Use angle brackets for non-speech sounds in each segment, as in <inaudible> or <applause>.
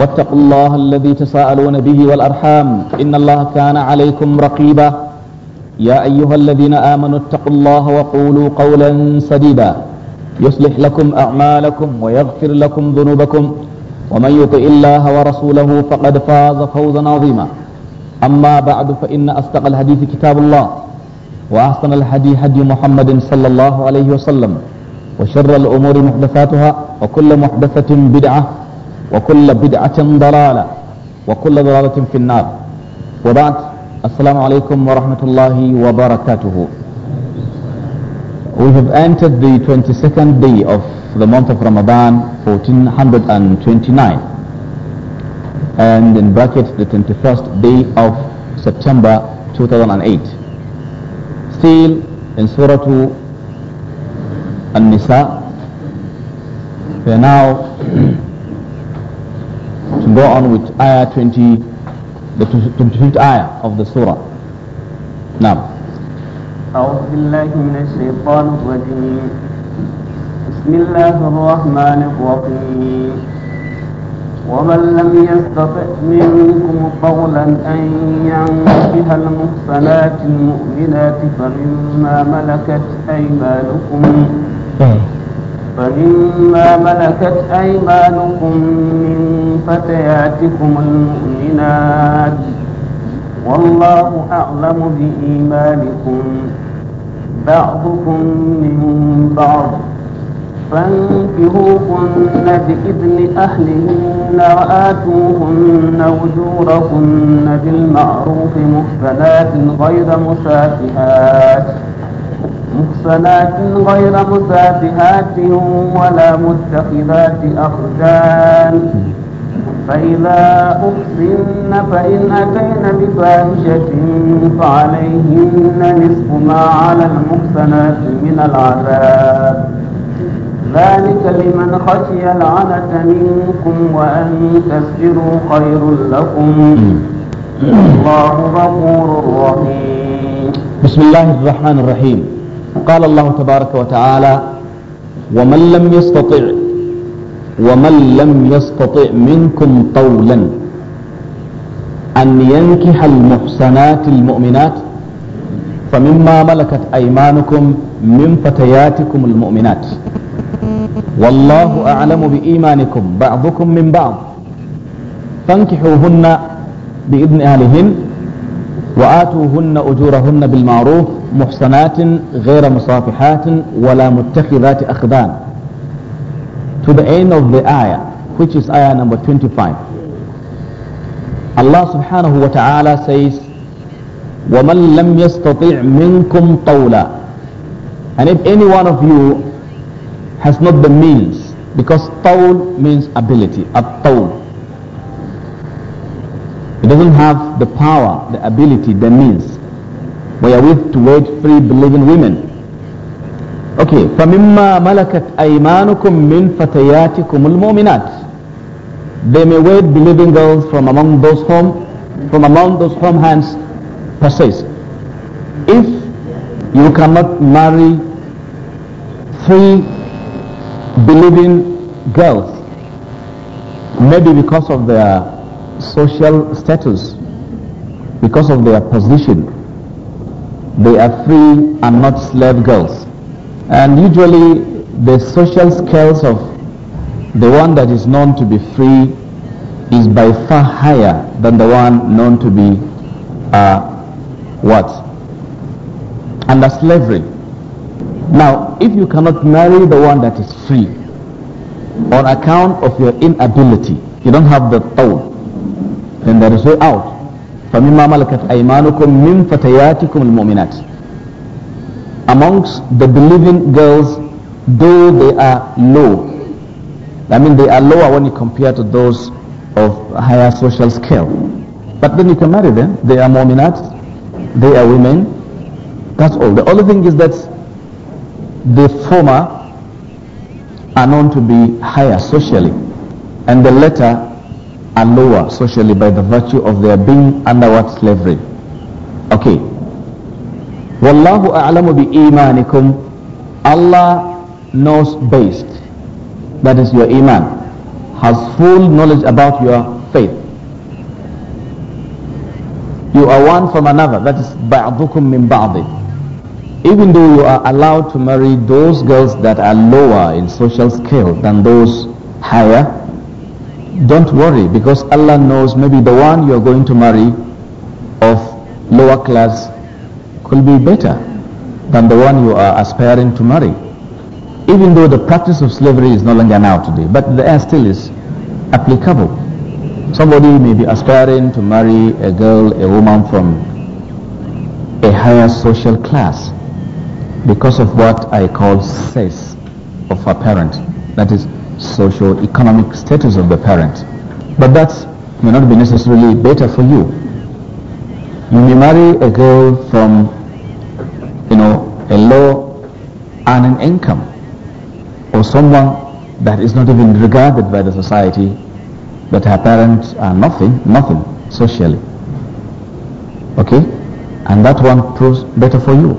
واتقوا الله الذي تساءلون به والأرحام إن الله كان عليكم رقيبا يا أيها الذين آمنوا اتقوا الله وقولوا قولا سديدا يصلح لكم أعمالكم ويغفر لكم ذنوبكم ومن يطع الله ورسوله فقد فاز فوزا عظيما أما بعد فإن أصدق الحديث كتاب الله وأحسن الحديث هدي محمد صلى الله عليه وسلم وشر الأمور محدثاتها وكل محدثة بدعة وكل بدعة ضلالة وكل ضلالة في النار وبعد السلام عليكم ورحمة الله وبركاته We have entered the 22nd day of the month of Ramadan 1429 and in brackets the 21st day of September 2008 still in Surah An-Nisa we are now go on with ayah 20, the 25th ayah of the surah. Now. أعوذ بالله من الشيطان الرجيم بسم الله الرحمن الرحيم ومن لم يستطع منكم قولا أن ينكح المحصنات المؤمنات فمما ملكت أيمانكم إيه. فمما ملكت أيمانكم من فتياتكم المؤمنات والله أعلم بإيمانكم بعضكم من بعض فانكروهن بإذن أهلهن وآتوهن وجورهن بالمعروف محسنات غير مسافهات محصنات غير مسافهات ولا متخذات أخدان فإذا أحسن فإن أتين بفاحشة فعليهن نصف ما على المحسنات من العذاب ذلك لمن خشي العنة منكم وأن تسجروا خير لكم <coughs> الله غفور رحيم بسم الله الرحمن الرحيم قال الله تبارك وتعالى ومن لم يستطع ومن لم يستطع منكم طولا أن ينكح المحسنات المؤمنات فمما ملكت أيمانكم من فتياتكم المؤمنات والله أعلم بإيمانكم بعضكم من بعض فانكحوهن بإذن أهلهن وآتوهن أجورهن بالمعروف محصنات غير مصافحات ولا متخذات أخدان to the end of the ayah which is ayah number 25 Allah subhanahu wa ta'ala says وَمَنْ لَمْ يَسْتَطِعْ مِنْكُمْ طَوْلًا and if any one of you has not the means because طول means ability الطول It doesn't have the power, the ability, the means with to wed free believing women. Okay, فَمِمَّا مَلَكَتْ أَيْمَانُكُمْ مِنْ فَتَيَاتِكُمُ الْمُؤْمِنَاتِ They may wed believing girls from among those whom, from among those whom hands possess. If you cannot marry free believing girls, maybe because of their social status, because of their position, they are free and not slave girls. And usually the social scales of the one that is known to be free is by far higher than the one known to be uh, what? Under slavery. Now, if you cannot marry the one that is free on account of your inability, you don't have the power then there is way out فَمِمَّا مَلَكَتْ أَيْمَانُكُمْ مِنْ فَتَيَاتِكُمُ الْمُؤْمِنَاتِ Amongst the believing girls, though they are low, I mean they are lower when you compare to those of higher social scale. But then you can marry them. They are mu'minat, they are women. That's all. The only thing is that the former are known to be higher socially and the latter are lower socially by the virtue of their being under what slavery. Okay. Wallahu a'lamu bi imanikum. Allah knows best. That is your iman. Has full knowledge about your faith. You are one from another. That is ba'dukum min ba'di. Even though you are allowed to marry those girls that are lower in social scale than those higher, don't worry because Allah knows maybe the one you're going to marry of lower class could be better than the one you are aspiring to marry. Even though the practice of slavery is no longer now today, but the air still is applicable. Somebody may be aspiring to marry a girl, a woman from a higher social class because of what I call says of her parent. That is socio-economic status of the parent. But that may not be necessarily better for you. You may marry a girl from, you know, a low earning income or someone that is not even regarded by the society that her parents are nothing, nothing socially. Okay? And that one proves better for you.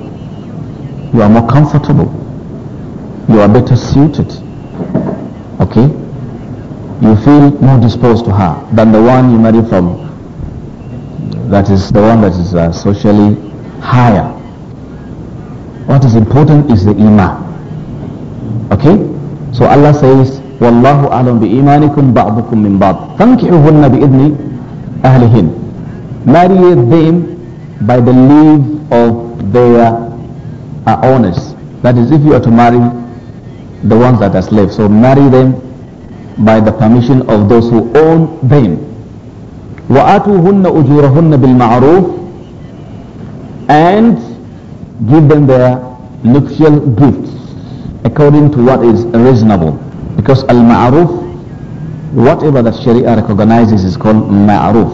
You are more comfortable. You are better suited okay, you feel more disposed to her than the one you marry from. That is the one that is uh, socially higher. What is important is the iman. Okay? So Allah says, وَاللَّهُ أَعْلَمْ بِإِيمَانِكُمْ بَعْضُكُمْ مِنْ بَعْضٍ فَانْكِحُهُنَّ بِإِذْنِ ahlihin. Marry them by the leave of their uh, owners. That is, if you are to marry the ones that are slaves. So marry them by the permission of those who own them. وَآتُوهُنَّ أُجُورَهُنَّ بِالْمَعْرُوفِ And give them their nuptial gifts according to what is reasonable. Because al-ma'ruf, whatever that Sharia recognizes is called ma'ruf.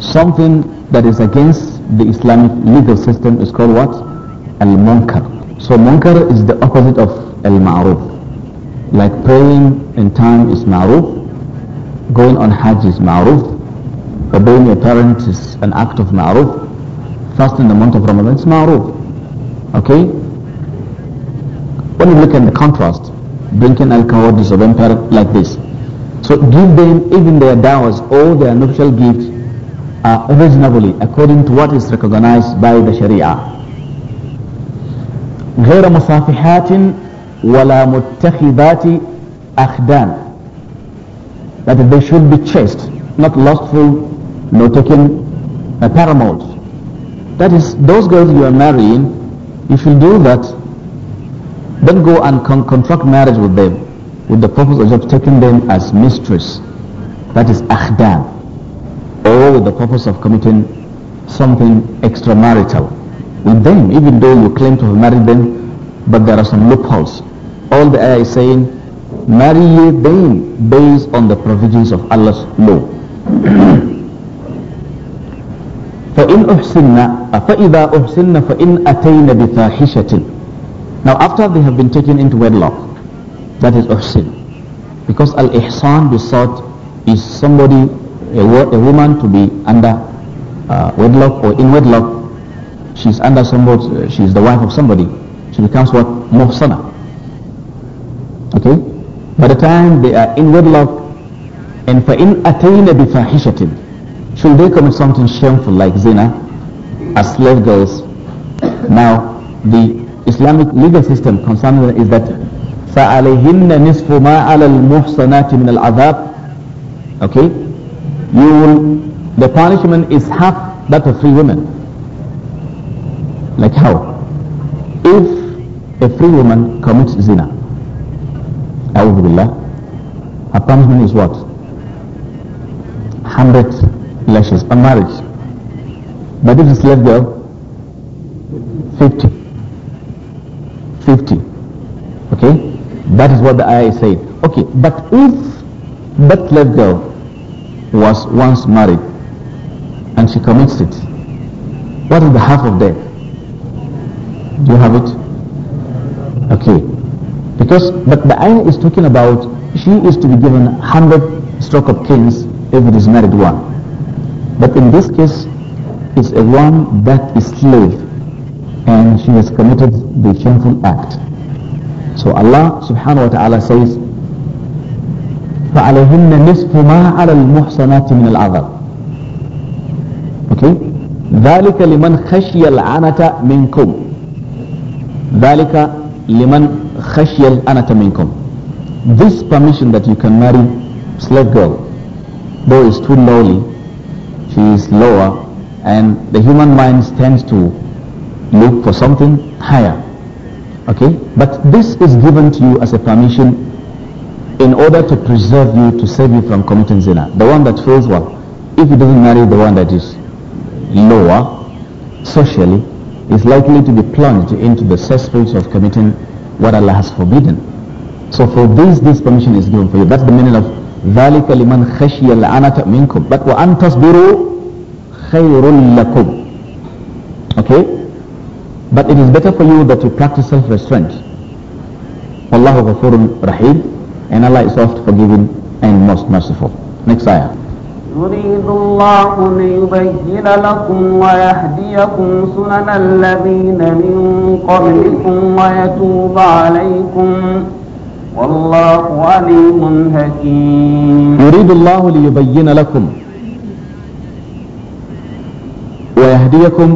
Something that is against the Islamic legal system is called what? Al-munkar. So munkar is the opposite of al-ma'ruf. Like praying in time is ma'ruf, going on hajj is ma'ruf, obeying your parents is an act of ma'ruf, fasting in the month of Ramadan is ma'ruf. Okay? When you look at the contrast, drinking alcohol, disobeying parents like this. So give them even their dowries or their nuptial gifts uh, reasonably according to what is recognized by the Sharia. غير مصافحات وَلَا مُتَّخِذَاتِ أَخْدَانِ That they should be chaste, not lustful, nor taking a paramours. That is, those girls you are marrying, if you do that, then go and con contract marriage with them with the purpose of just taking them as mistress. That is akhdan. Or with the purpose of committing something extramarital with them, even though you claim to have married them but there are some loopholes. All the ayah is saying, marry ye them based on the provisions of Allah's law. فإن أحسن فإذا أحسن فإن أتينا بفاحشة Now after they have been taken into wedlock, that uhsin, Because al-ihsan besought is somebody, a, a woman to be under uh, wedlock or in wedlock. She's under somebody, uh, she's the wife of somebody. She becomes what? Muhsana. Okay? By the time they are in wedlock, and for فَإِنْ أَتَيْنَ بِفَاحِشَةٍ Should they commit something shameful like zina, as slave girls, now the Islamic legal system concerning is that فَعَلَيْهِنَّ نِصْفُ مَا عَلَى الْمُحْصَنَاتِ مِنَ الْعَذَابِ Okay? You will, the punishment is half that of free women. Like how? If a free woman commits zina. Alhamdulillah. her punishment is what? Hundred lashes on marriage. But if it's left girl, fifty. Fifty. Okay? That is what the ayah said. Okay, but if that slave girl was once married and she commits it, what is the half of that? Do you have it? Okay. Because, but the ayah is talking about she is to be given 100 stroke of canes if it is married one. But in this case, it's a one that is slave and she has committed the shameful act. So Allah subhanahu wa ta'ala says, فعليهن نصف ما على الْمُحْسَنَاتِ من العذاب. Okay? ذلك لمن خشي العنة منكم. ذلك liman khashyal anata minkum. This permission that you can marry slave girl, though is too lowly, she is lower, and the human mind tends to look for something higher. Okay? But this is given to you as a permission in order to preserve you, to save you from committing zina. The one that feels well, if he doesn't marry the one that is lower socially, is likely to be plunged into the cesspools of committing what Allah has forbidden. So for this, this permission is given for you. That's the meaning of ذَلِكَ لِمَنْ خَشِيَ الْعَنَةَ مِنْكُمْ But وَأَنْ تَصْبِرُوا خَيْرٌ لَكُمْ Okay? But it is better for you that you practice self-restraint. وَاللَّهُ غَفُورٌ رَحِيمٌ And Allah is oft forgiving and most merciful. Next ayah. يريد الله ليبين لكم ويهديكم سنن الذين من قبلكم ويتوب عليكم والله عليم حكيم يريد الله ليبين لكم ويهديكم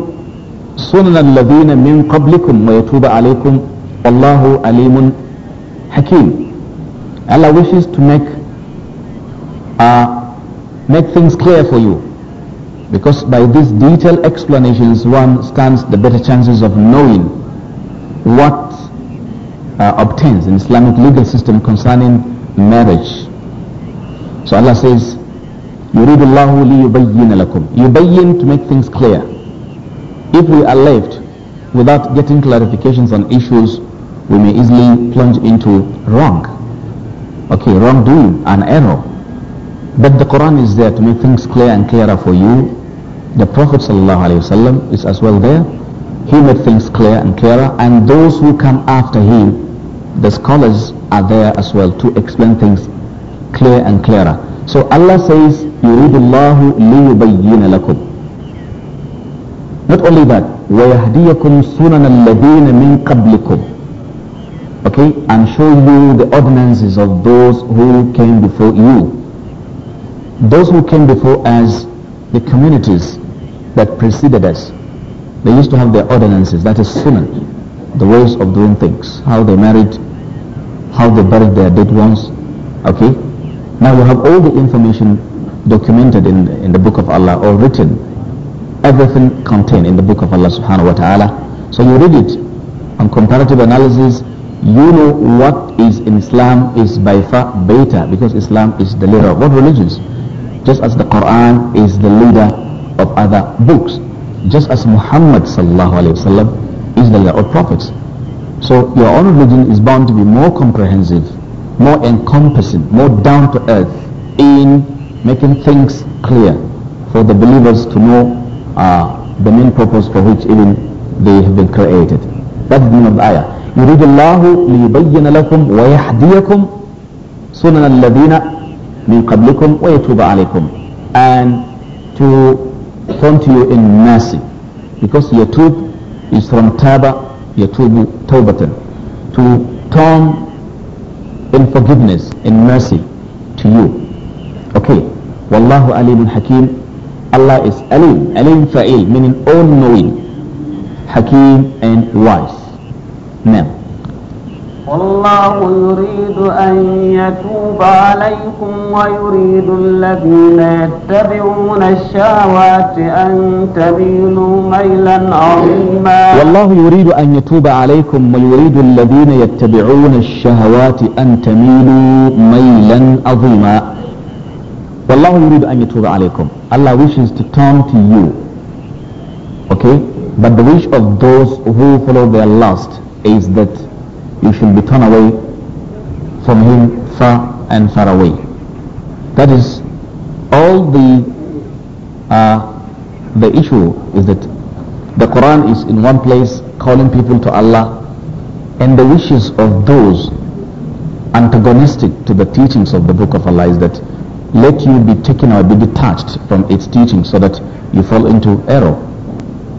سنن الذين من قبلكم ويتوب عليكم والله عليم حكيم Allah wishes to make a uh, make things clear for you. Because by these detailed explanations, one stands the better chances of knowing what uh, obtains in Islamic legal system concerning marriage. So Allah says, يريد الله ليبين You يبين to make things clear. If we are left without getting clarifications on issues, we may easily plunge into wrong. Okay, wrongdoing, and error. But the Quran is there to make things clear and clearer for you. The Prophet ﷺ is as well there. He made things clear and clearer. And those who come after him, the scholars are there as well to explain things clear and clearer. So Allah says, يُرِيدُ اللَّهُ لِيُبَيِّنَ لَكُمْ Not only that, وَيَهْدِيَكُمْ سُنَنَ الَّذِينَ مِنْ قَبْلِكُمْ Okay, and show you the ordinances of those who came before you those who came before us, the communities that preceded us, they used to have their ordinances, that is sunnah, the ways of doing things, how they married, how they buried their dead ones, okay? Now we have all the information documented in, in the book of Allah or written, everything contained in the book of Allah subhanahu wa ta'ala. So you read it on comparative analysis, you know what is in Islam is by far better because Islam is the leader of what religions? Just as the Quran is the leader of other books. Just as Muhammad sallallahu alayhi wasallam is the leader of prophets. So your own religion is bound to be more comprehensive, more encompassing, more down to earth in making things clear for the believers to know uh, the main purpose for which even they have been created. That's the meaning of the ayah. يريد الله ليبين لكم ويهديكم سنن الذين من قبلكم ويتوب عليكم and to come to you in mercy because truth is from taba yatubu tawbatan to turn in forgiveness in mercy to you okay wallahu alimun hakim Allah is alim alim fa'il meaning all knowing hakim and wise now والله يريد أن يتوب عليكم ويريد الذين يتبعون الشهوات أن تميلوا ميلا عظيما والله يريد أن يتوب عليكم ويريد الذين يتبعون الشهوات أن تميلوا ميلا عظيما والله يريد أن يتوب عليكم Allah wishes to turn to you okay but the wish of those who follow their lust is that you should be torn away from him far and far away. That is all the uh, the issue is that the Quran is in one place calling people to Allah and the wishes of those antagonistic to the teachings of the book of Allah is that let you be taken or be detached from its teaching so that you fall into error.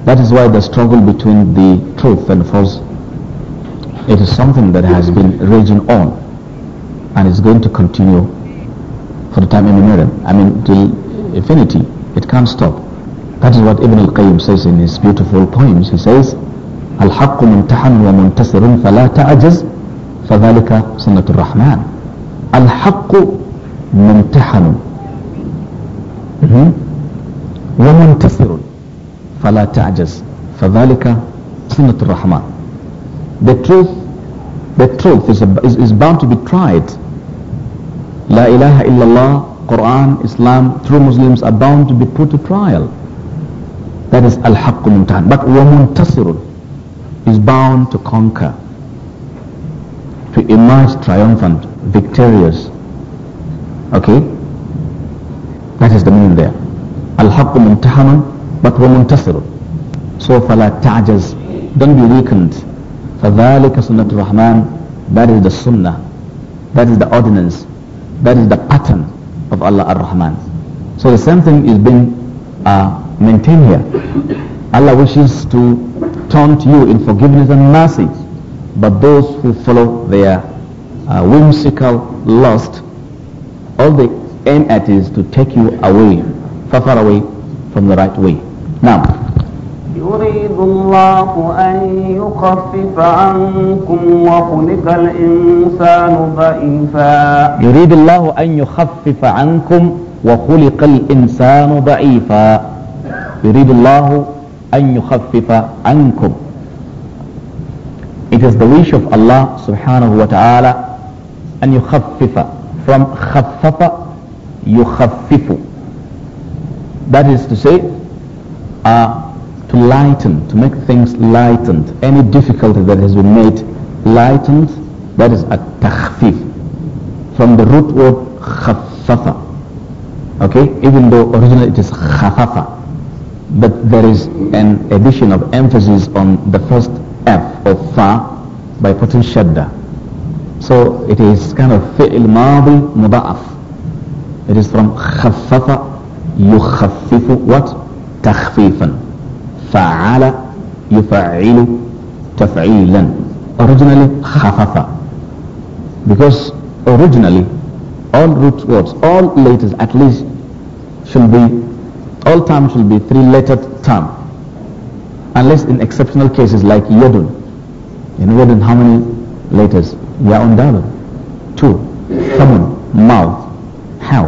That is why the struggle between the truth and false it is something that has been raging on and is going to continue for the time immemorial. I mean, till infinity. It can't stop. That is what Ibn al-Qayyim says in his beautiful poems. He says, الحق ممتحن ومنتصر فلا تعجز فذلك سنة الرحمن الحق ممتحن ومنتصر فلا تعجز فذلك سنة الرحمن the truth the truth is, is, is bound to be tried La ilaha illallah Quran Islam true Muslims are bound to be put to trial that is al-haqqu mumtahan but ramun muntasirun is bound to conquer to emerge triumphant victorious okay that is the meaning there al-haqqu mumtahanun but ramun muntasirun so fala ta'jaz don't be weakened فَذَلِكَ سُنَّةُ الرَّحْمَنِ That is the sunnah. That is the ordinance. That is the pattern of Allah ar-Rahman. So the same thing is being uh, maintained here. Allah wishes to taunt you in forgiveness and mercy, but those who follow their uh, whimsical lust, all they aim at is to take you away, far, far away from the right way. Now, يريد الله أن يخفف عنكم وخلق الإنسان ضعيفا يريد الله أن يخفف عنكم وخلق الإنسان ضعيفا يريد الله أن يخفف عنكم It is the wish of Allah subhanahu wa ta'ala أن يخفف from خفف يخفف That is to say uh, to lighten, to make things lightened. Any difficulty that has been made lightened, that is a takhfif. From the root word khafafa. Okay, even though originally it is khafafa. But there is an addition of emphasis on the first F of fa by putting shadda. So it is kind of fi'l madi muda'af. It is from khaffafa khafifu what? Takhfifan. فعل يفعل تفعيلا originally خفف because originally all root words all letters at least should be all terms should be three lettered term unless in exceptional cases like yodun in yodun how many letters yaun dalun two common mouth how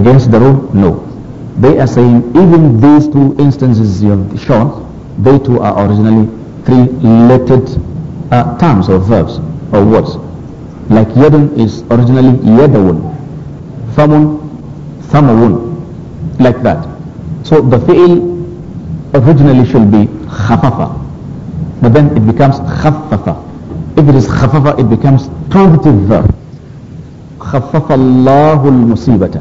against the rule no they are saying even these two instances you have shown, they too are originally three related uh, terms or verbs or words. Like yadun is originally yadawun, famun, famawun, like that. So the fi'il originally should be khafafa, but then it becomes khaffafa. If it is khafafa, it becomes transitive verb. خفف الله المصيبه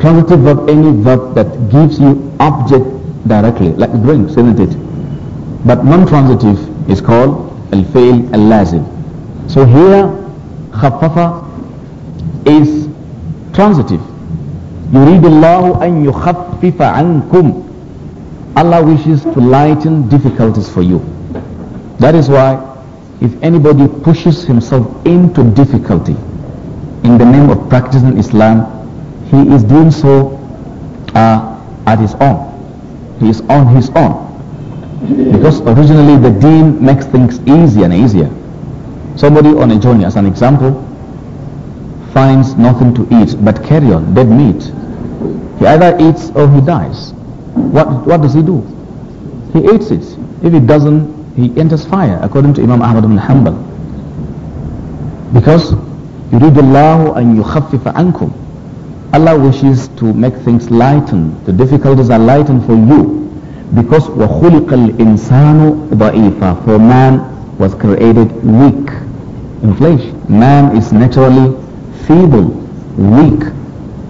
Transitive verb, any verb that gives you object directly, like drinks, isn't it? But non-transitive is called al-fail al-lazim. So here, khaffafa is transitive. يريد الله أن يخفف عنكم Allah wishes to lighten difficulties for you. That is why if anybody pushes himself into difficulty in the name of practicing Islam, he is doing so uh, at his own. He is on his own. Because originally the deen makes things easier and easier. Somebody on a journey, as an example, finds nothing to eat but carrion, dead meat. He either eats or he dies. What, what does he do? He eats it. If he doesn't, he enters fire, according to Imam Ahmad ibn Hanbal. Because يريد الله أن يخفف عنكم Allah wishes to make things lighten. The difficulties are lightened for you. Because وَخُلِقَ الْإِنسَانُ ضَعِيفًا For man was created weak in flesh. Man is naturally feeble, weak.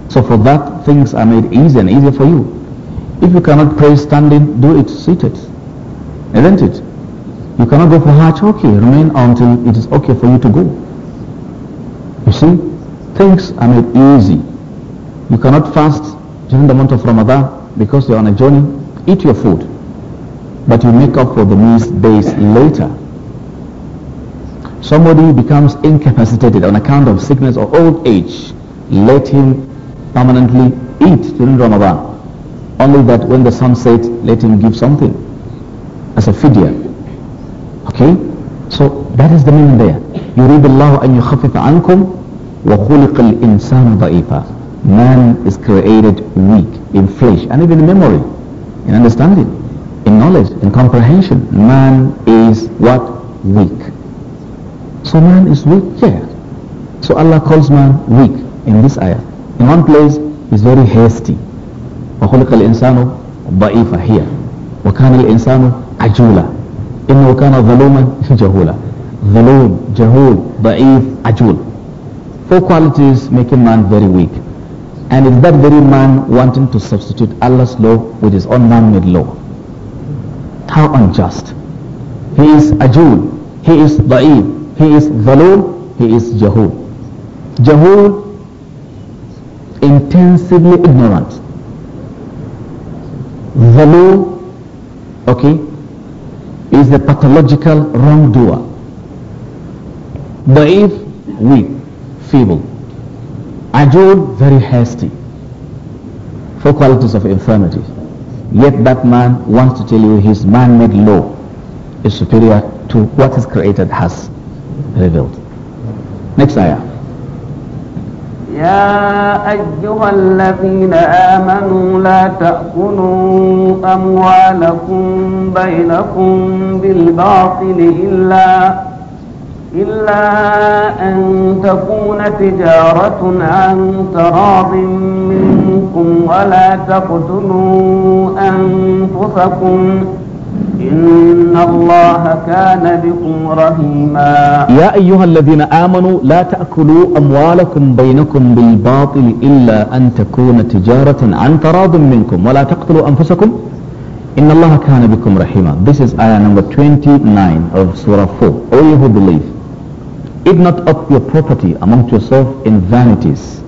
So for that, things are made easy and easier for you. If you cannot pray standing, do it seated. Isn't it? You cannot go for Hajj, okay, remain until it is okay for you to go. You see, things are made easy you cannot fast during the month of Ramadan because you're on a journey. Eat your food. But you make up for the missed days later. Somebody becomes incapacitated on account of sickness or old age. Let him permanently eat during Ramadan. Only that when the sun sets, let him give something as a fidya. Okay? So that is the meaning there. يريد الله أن يخفف عنكم وخلق الإنسان ضعيفا man is created weak in flesh and even in memory, in understanding, in knowledge, in comprehension. Man is what? Weak. So man is weak, yeah. So Allah calls man weak in this ayah. In one place, he's very hasty. وخلق الإنسان ضعيفا here. وكان الإنسان عجولا. إنه كان ظلوما جهولا. ظلوم, جهول, ضعيف, عجول. Four qualities making man very weak. And it's that very man wanting to substitute Allah's law with his own man-made law. How unjust. He is a Jew. He is Da'ib. He is Zalul. He is Jahul. Jahul, intensively ignorant. Zalul, okay, is the pathological wrongdoer. Da'if, weak, feeble. Ajud very hasty, for qualities of infirmity. Yet that man wants to tell you his man-made law is superior to what his created has revealed. Next ayah. يا أيها الذين آمنوا لا تأكلوا أموالكم بينكم بالباطل إلا إلا أن تكون تجارة عن تراض منكم ولا تقتلوا أنفسكم إن الله كان بكم رحيما يا أيها الذين آمنوا لا تأكلوا أموالكم بينكم بالباطل إلا أن تكون تجارة عن تراض منكم ولا تقتلوا أنفسكم إن الله كان بكم رحيما This is ayah number 29 of Surah 4 All you who believe Eat not up your property among yourself in vanities.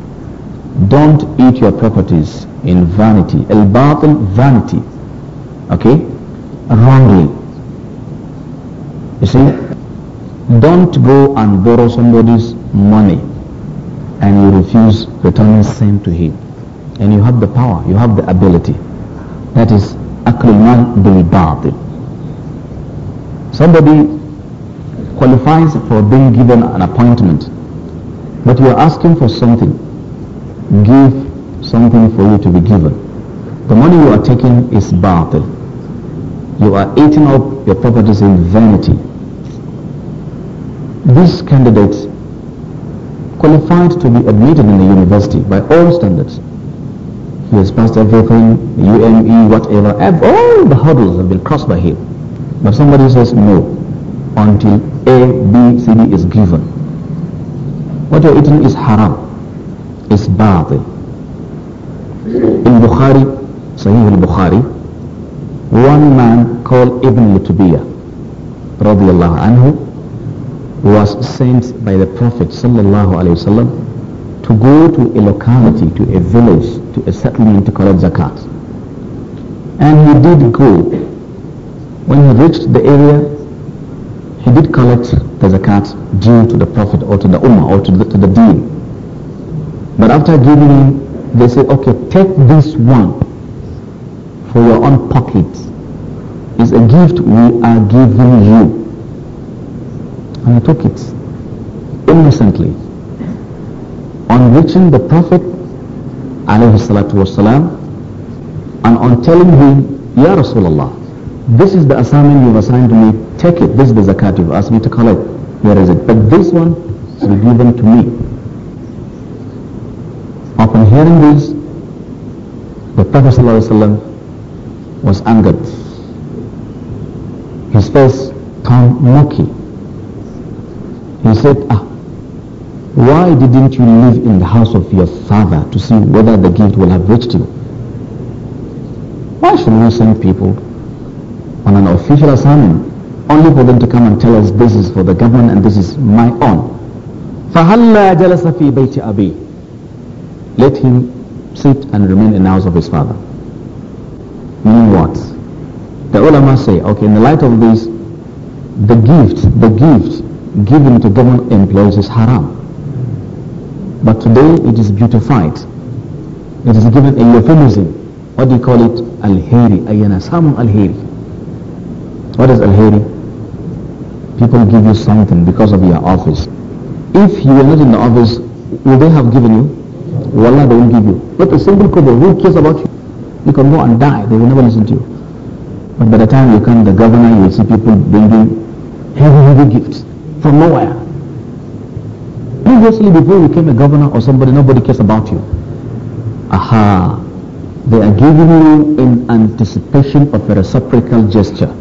Don't eat your properties in vanity. Al-batil, vanity. Okay? Wrongly. You see? Don't go and borrow somebody's money and you refuse returning same to him. And you have the power, you have the ability. That is, aklul mal Somebody qualifies for being given an appointment. But you are asking for something. Give something for you to be given. The money you are taking is batil. You are eating up your properties in vanity. This candidate qualified to be admitted in the university by all standards. He has passed everything, the UME, whatever, all the hurdles have been crossed by him. But somebody says, no, until A, B, C, D is given. What you're eating is haram. It's bad. In Bukhari, Sahih al-Bukhari, one man called Ibn Lutubiyah, radiallahu anhu, was sent by the Prophet sallallahu wasallam to go to a locality, to a village, to a settlement to collect zakat. And he did go. When he reached the area, he did collect the zakat due to the Prophet or to the Ummah or to the, to the deen. But after giving, him, they say, okay, take this one for your own pocket. It's a gift we are giving you. And he took it innocently. On reaching the Prophet, alayhi salatu wasalam, and on telling him, Ya Rasulullah, this is the assignment you've assigned to me. Take it. This is the zakat you've asked me to collect. Where is it? But this one will be given to me. Upon hearing this, the Prophet ﷺ was angered. His face turned murky. He said, ah, why didn't you live in the house of your father to see whether the gift will have reached you? Why should we send people on an official assignment only for them to come and tell us this is for the government and this is my own. Let him sit and remain in the house of his father. Meaning what? The ulama say, okay, in the light of this, the gift, the gift given to government employees is haram. But today it is beautified. It is given a euphemism. What do you call it? Al-Hiri. Ayyana al-Hiri. What is al-hayri? People give you something because of your office. If you were not in the office, would they have given you? Wallah, they will not give you. But a simple qadr, who cares about you? You can go and die. They will never listen to you. But by the time you come, the governor, you will see people bringing heavy, heavy gifts from nowhere. Previously, before you became a governor or somebody, nobody cares about you. Aha! They are giving you in anticipation of a reciprocal gesture.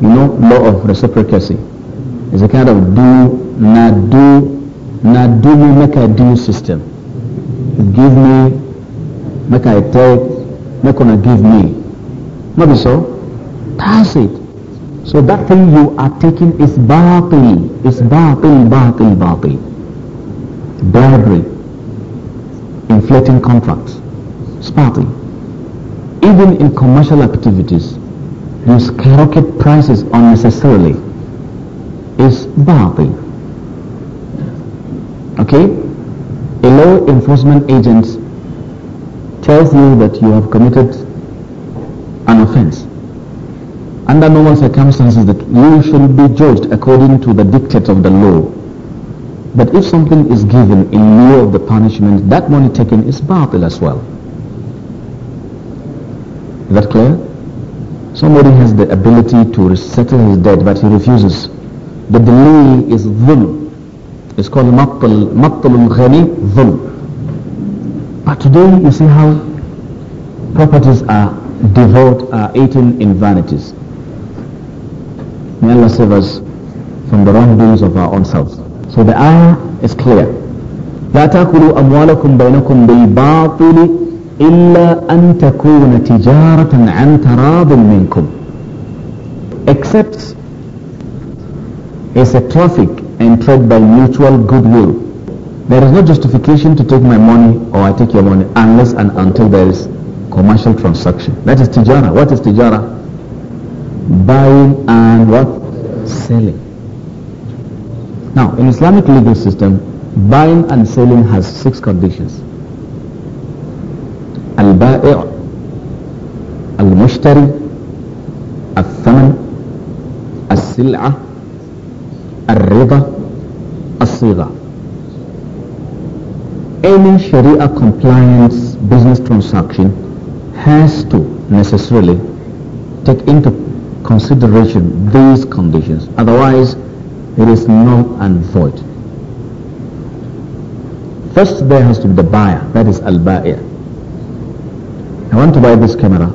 You know, law of reciprocity. It's a kind of do, not do, not do me, make I do system. Give me, make I take, make gonna give me. Maybe so. That's it. So that thing you are taking is batil. It's batil, batil, batil. Bribery. Inflating contracts. Sparting. Even in commercial activities, skyrocket prices unnecessarily is batil. Okay? A law enforcement agent tells you that you have committed an offense. Under normal circumstances that you should be judged according to the dictates of the law. But if something is given in lieu of the punishment, that money taken is batil as well. Is that clear? Somebody has the ability to settle his debt, but he refuses. The delay is dhulm. It's called mattal, mattal ghani dhulm. But today you see how properties are devoured, are eaten in vanities. May Allah save us from the wrongdoings of our own selves. So the ayah is clear. لا تأكلوا أموالكم بينكم بالباطل إلا أن تكون تجارة عن تراض منكم except it's a traffic and trade by mutual goodwill there is no justification to take my money or I take your money unless and until there is commercial transaction that is tijara what is tijara buying and what selling now in Islamic legal system buying and selling has six conditions البائع المشتري الثمن السلعة الرضا الصيغة Any Sharia compliance business transaction has to necessarily take into consideration these conditions. Otherwise, it is null and void. First, there has to be the buyer, that is al-buyer. I want to buy this camera.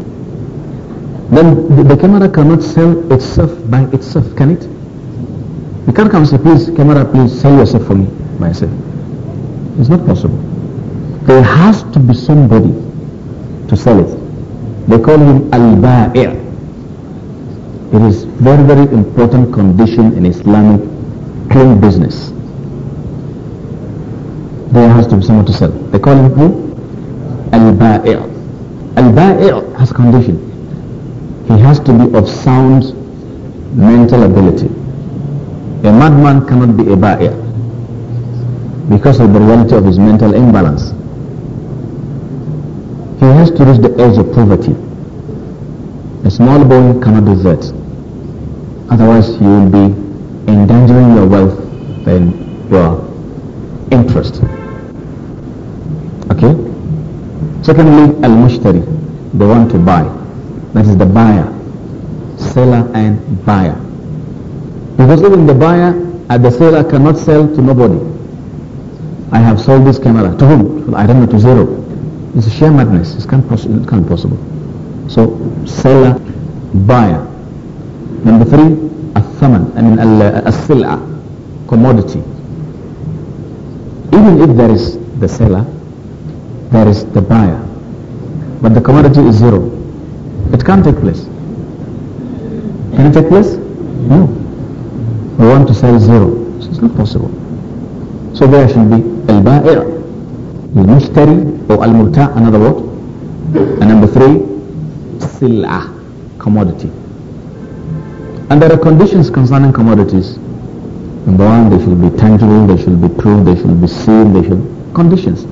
Then the, the camera cannot sell itself by itself, can it? You can't come and say, please, camera, please sell yourself for me, myself. It's not possible. There has to be somebody to sell it. They call him al-ba'i'. It is very, very important condition in Islamic clean business. There has to be someone to sell. They call him who? al bair Al-Ba'i' has condition. He has to be of sound mental ability. A madman cannot be a Ba'i' because of the reality of his mental imbalance. He has to reach the edge of poverty. A small boy cannot do that. Otherwise you will be endangering your wealth and your interest. Okay? Secondly, al-mushtari, the one to buy. That is the buyer, seller and buyer. Because even the buyer and the seller cannot sell to nobody. I have sold this camera. To whom? I don't know, to zero. It's a sheer madness. It's can't, poss- it can't possible. So, seller, buyer. Number three, al-thaman, I mean al-sil'a, uh, commodity. Even if there is the seller, there is the buyer. But the commodity is zero. It can't take place. Can it take place? No. We want to sell zero. So it's not possible. So there should be al bair al-mushtari or al-murta, another word. And number three, sil'ah, commodity. And there are conditions concerning commodities. Number one, they should be tangible, they should be true. they should be seen, they should... Conditions.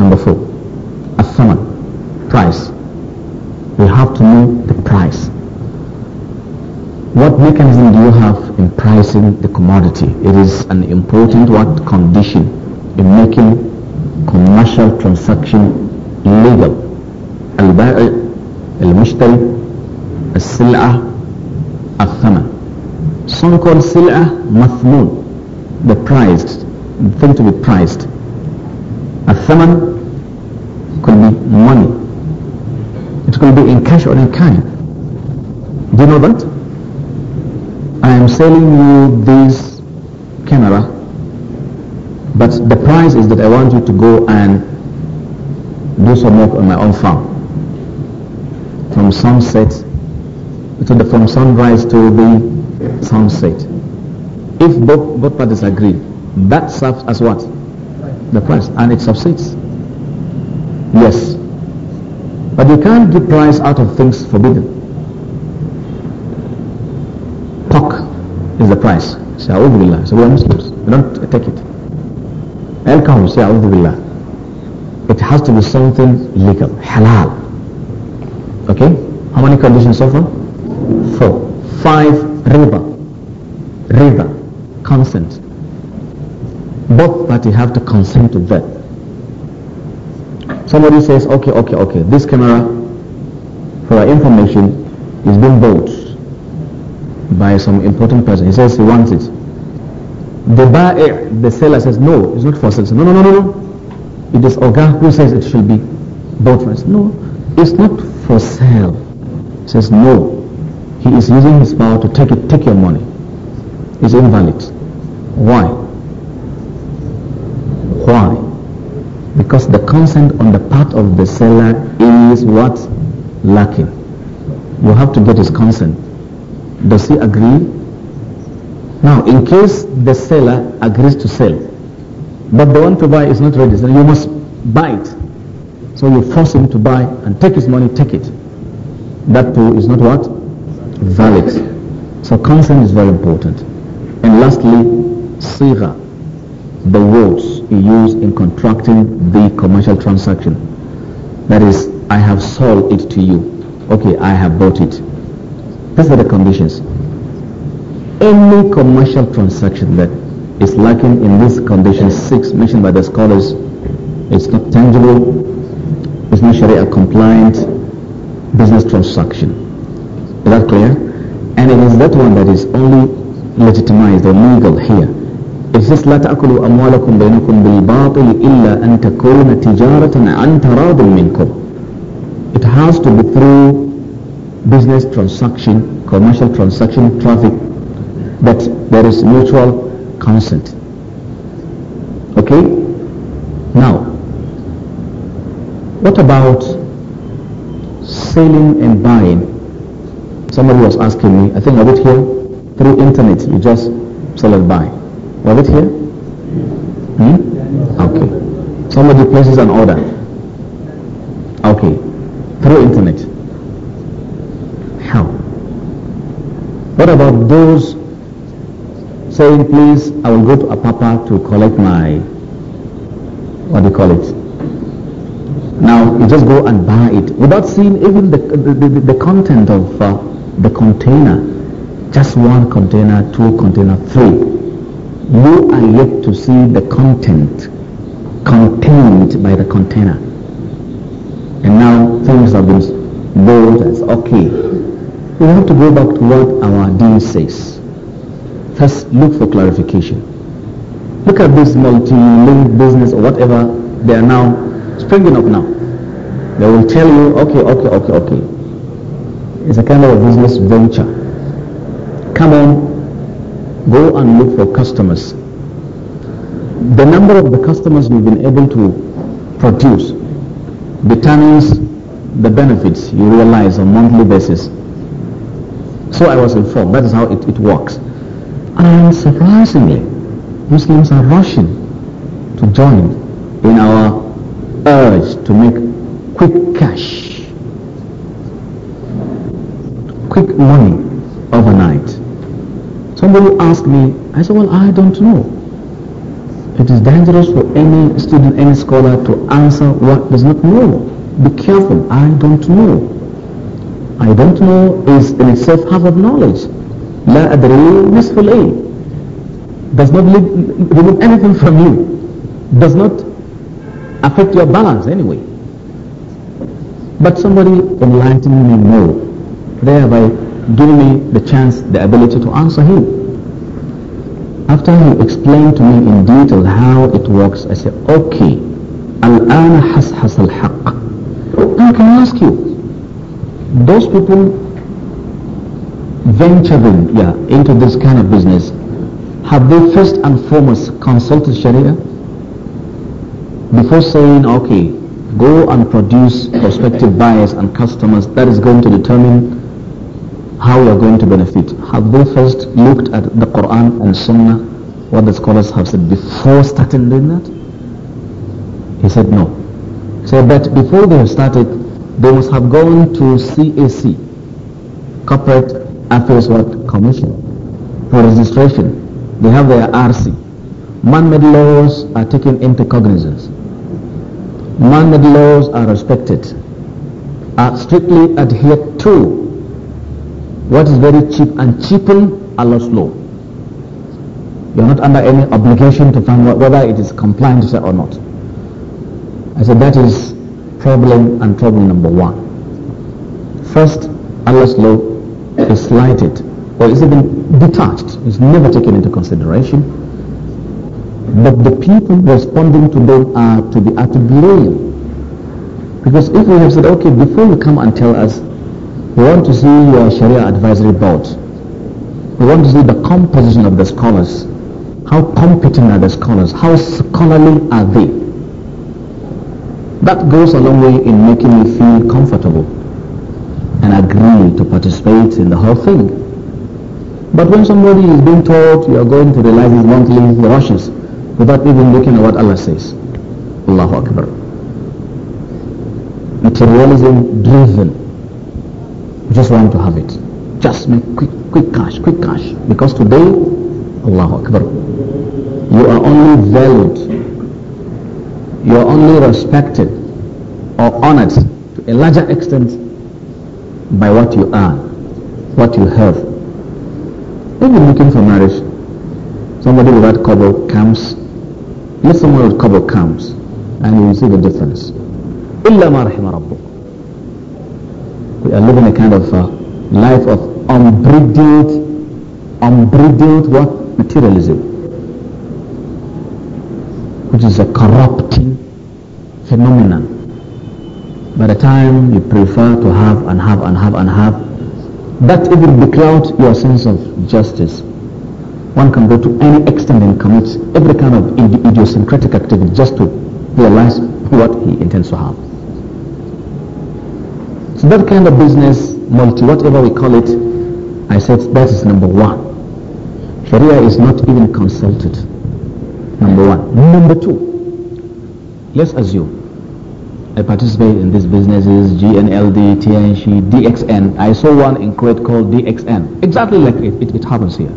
number four, a summon, price. We have to know the price. What mechanism do you have in pricing the commodity? It is an important what condition in making commercial transaction legal. البائع المشتري السلعة الثمن some call سلعة مثمون the price the thing to be priced a thaman could be money. It could be in cash or in kind. Do you know that? I am selling you this camera, but the price is that I want you to go and do some work on my own farm. From sunset to the from sunrise to the sunset. If both, both parties agree, that serves as what? the price and it subsists. Yes. But you can't give price out of things forbidden. Pork is the price. Say, So we are Muslims. We don't take it. Alcohol, say, It has to be something legal, halal. Okay? How many conditions so far? Four. Five, riba. Riba. Consent both parties have to consent to that. Somebody says, okay, okay, okay, this camera, for our information, is being bought by some important person. He says he wants it. The buyer, the seller says, no, it's not for sale. No, no, no, no, no. It is Oga who says it should be bought first. No, it's not for sale. He says, no, he is using his power to take it, take your money. It's invalid. Why? Why? Because the consent on the part of the seller is what? Lacking. You have to get his consent. Does he agree? Now, in case the seller agrees to sell, but the one to buy is not ready, so you must buy it. So you force him to buy and take his money, take it. That too is not what? Valid. So consent is very important. And lastly, sira the words you use in contracting the commercial transaction. That is, I have sold it to you. Okay, I have bought it. These are the conditions. Any commercial transaction that is lacking in these conditions six mentioned by the scholars, it's not tangible, it's not Sharia compliant business transaction. Is that clear? And it is that one that is only legitimized or legal here. بحيث لا تأكلوا أموالكم بينكم بالباطل إلا أن تكون تجارة عن تراض منكم it has to be through business transaction commercial transaction traffic but there is mutual consent okay now what about selling and buying somebody was asking me I think I wrote here through internet you just sell and buy Was it here? Hmm? Okay. Somebody places an order. Okay. Through internet. How? What about those saying, please, I will go to Apapa to collect my, what do you call it? Now, you just go and buy it without seeing even the, the, the, the content of uh, the container. Just one container, two container, three you are yet to see the content contained by the container. And now things have been labeled as okay. We have to go back to what our dean says. Thus, look for clarification. Look at this multi-link business or whatever they are now springing up now. They will tell you, okay, okay, okay, okay. It's a kind of a business venture. Come on, go and look for customers. The number of the customers you've been able to produce determines the benefits you realize on a monthly basis. So I was informed. That is how it, it works. And surprisingly, Muslims are rushing to join in our urge to make quick cash, quick money overnight. Somebody asked me, I said, well, I don't know. It is dangerous for any student, any scholar to answer what does not know. Be careful, I don't know. I don't know is in itself half of knowledge. La adri nisful Does not remove anything from you. Does not affect your balance anyway. But somebody enlightened me more, thereby give me the chance, the ability to answer him. After he explained to me in detail how it works, I said, okay, الآن حسحس has al can I ask you, those people venturing yeah, into this kind of business, have they first and foremost consulted Sharia? Before saying, okay, go and produce prospective buyers and customers, that is going to determine how we are going to benefit, have they first looked at the Quran and Sunnah, what the scholars have said before starting doing that? He said no. So but before they have started, they must have gone to CAC, Corporate Affairs What Commission, for registration. They have their RC. Man-made laws are taken into cognizance. Man-made laws are respected, are strictly adhered to what is very cheap and cheapen Allah's law. You're not under any obligation to find out whether it is compliant or not. I said that is problem and problem number one. First, Allah's law is slighted or is even detached. It's never taken into consideration. But the people responding to them are to be at blame. Because if we have said, okay, before you come and tell us we want to see your Sharia advisory board. We want to see the composition of the scholars. How competent are the scholars? How scholarly are they? That goes a long way in making me feel comfortable and agree to participate in the whole thing. But when somebody is being taught, you are going to realize his monthly, he rushes without even looking at what Allah says. Allahu Akbar. Materialism driven we just want to have it. Just make quick, quick cash, quick cash. Because today, Allahu Akbar, you are only valued, you are only respected or honored to a larger extent by what you are, what you have. If you're looking for marriage, somebody without cover comes, let someone with cover comes, and you see the difference. إلا ما رحم ربك we are living a kind of uh, life of unbridled, unbridled what? Materialism. Which is a corrupting phenomenon. By the time you prefer to have and have and have and have, that even beclouds your sense of justice. One can go to any extent and commit every kind of idiosyncratic activity just to realize what he intends to have. So that kind of business, multi, whatever we call it, I said that is number one. Sharia is not even consulted. Number one. Number two, let's assume I participate in these businesses, GNLD, TNC, DXN. I saw one in Kuwait called DXN. Exactly like it, it, it happens here.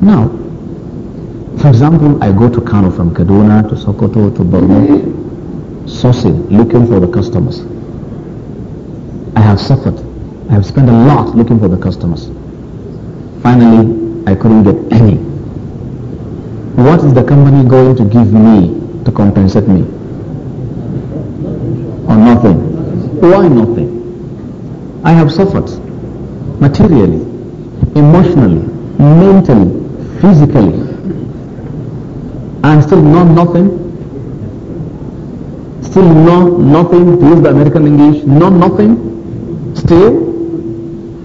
Now, for example, I go to Kano from Kaduna to Sokoto to Borno, sourcing, looking for the customers have suffered. I have spent a lot looking for the customers. Finally, I couldn't get any. What is the company going to give me to compensate me? Or nothing? Why nothing? I have suffered materially, emotionally, mentally, physically, and still know nothing. Still know nothing, to use the American English, know nothing. Still,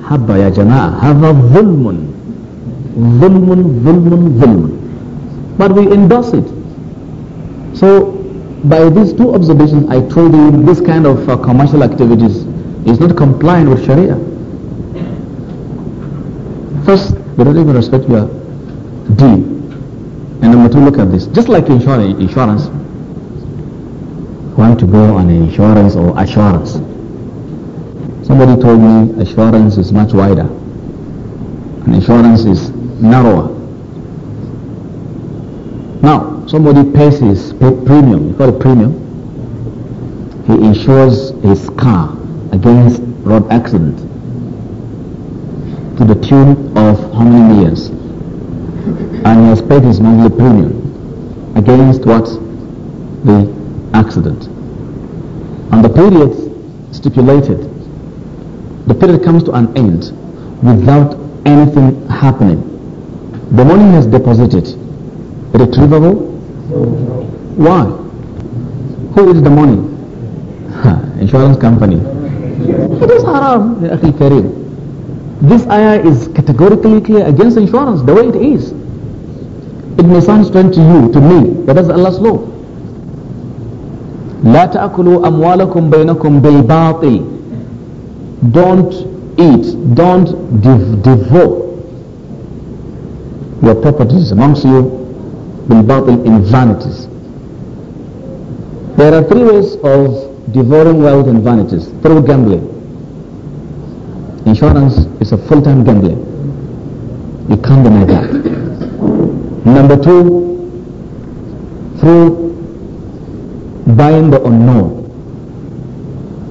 Habba ya Jama'a, Hava Zulmun. Zulmun, Zulmun, Zulmun. But we endorse it. So, by these two observations, I told you this kind of uh, commercial activities is not compliant with Sharia. First, we don't even respect your deal. And number two, look at this. Just like insurance, insurance, want to go on insurance or assurance. Somebody told me assurance is much wider and assurance is narrower. Now, somebody pays his premium, you call it premium. He insures his car against road accident to the tune of how many millions? And he has paid his monthly premium against what? The accident. And the period stipulated the period comes to an end without anything happening. The money has deposited. Retrievable? Why? Who is the money? insurance company. It is haram. This ayah is categorically clear against insurance the way it is. It may sound strange to you, to me, but that's Allah's law. لا تأكلوا أموالكم بينكم بالباطل don't eat, don't dev- devour your properties amongst you battle in vanities. There are three ways of devouring wealth and vanities through gambling. Insurance is a full-time gambling. You can't deny that. Number two, through buying the unknown.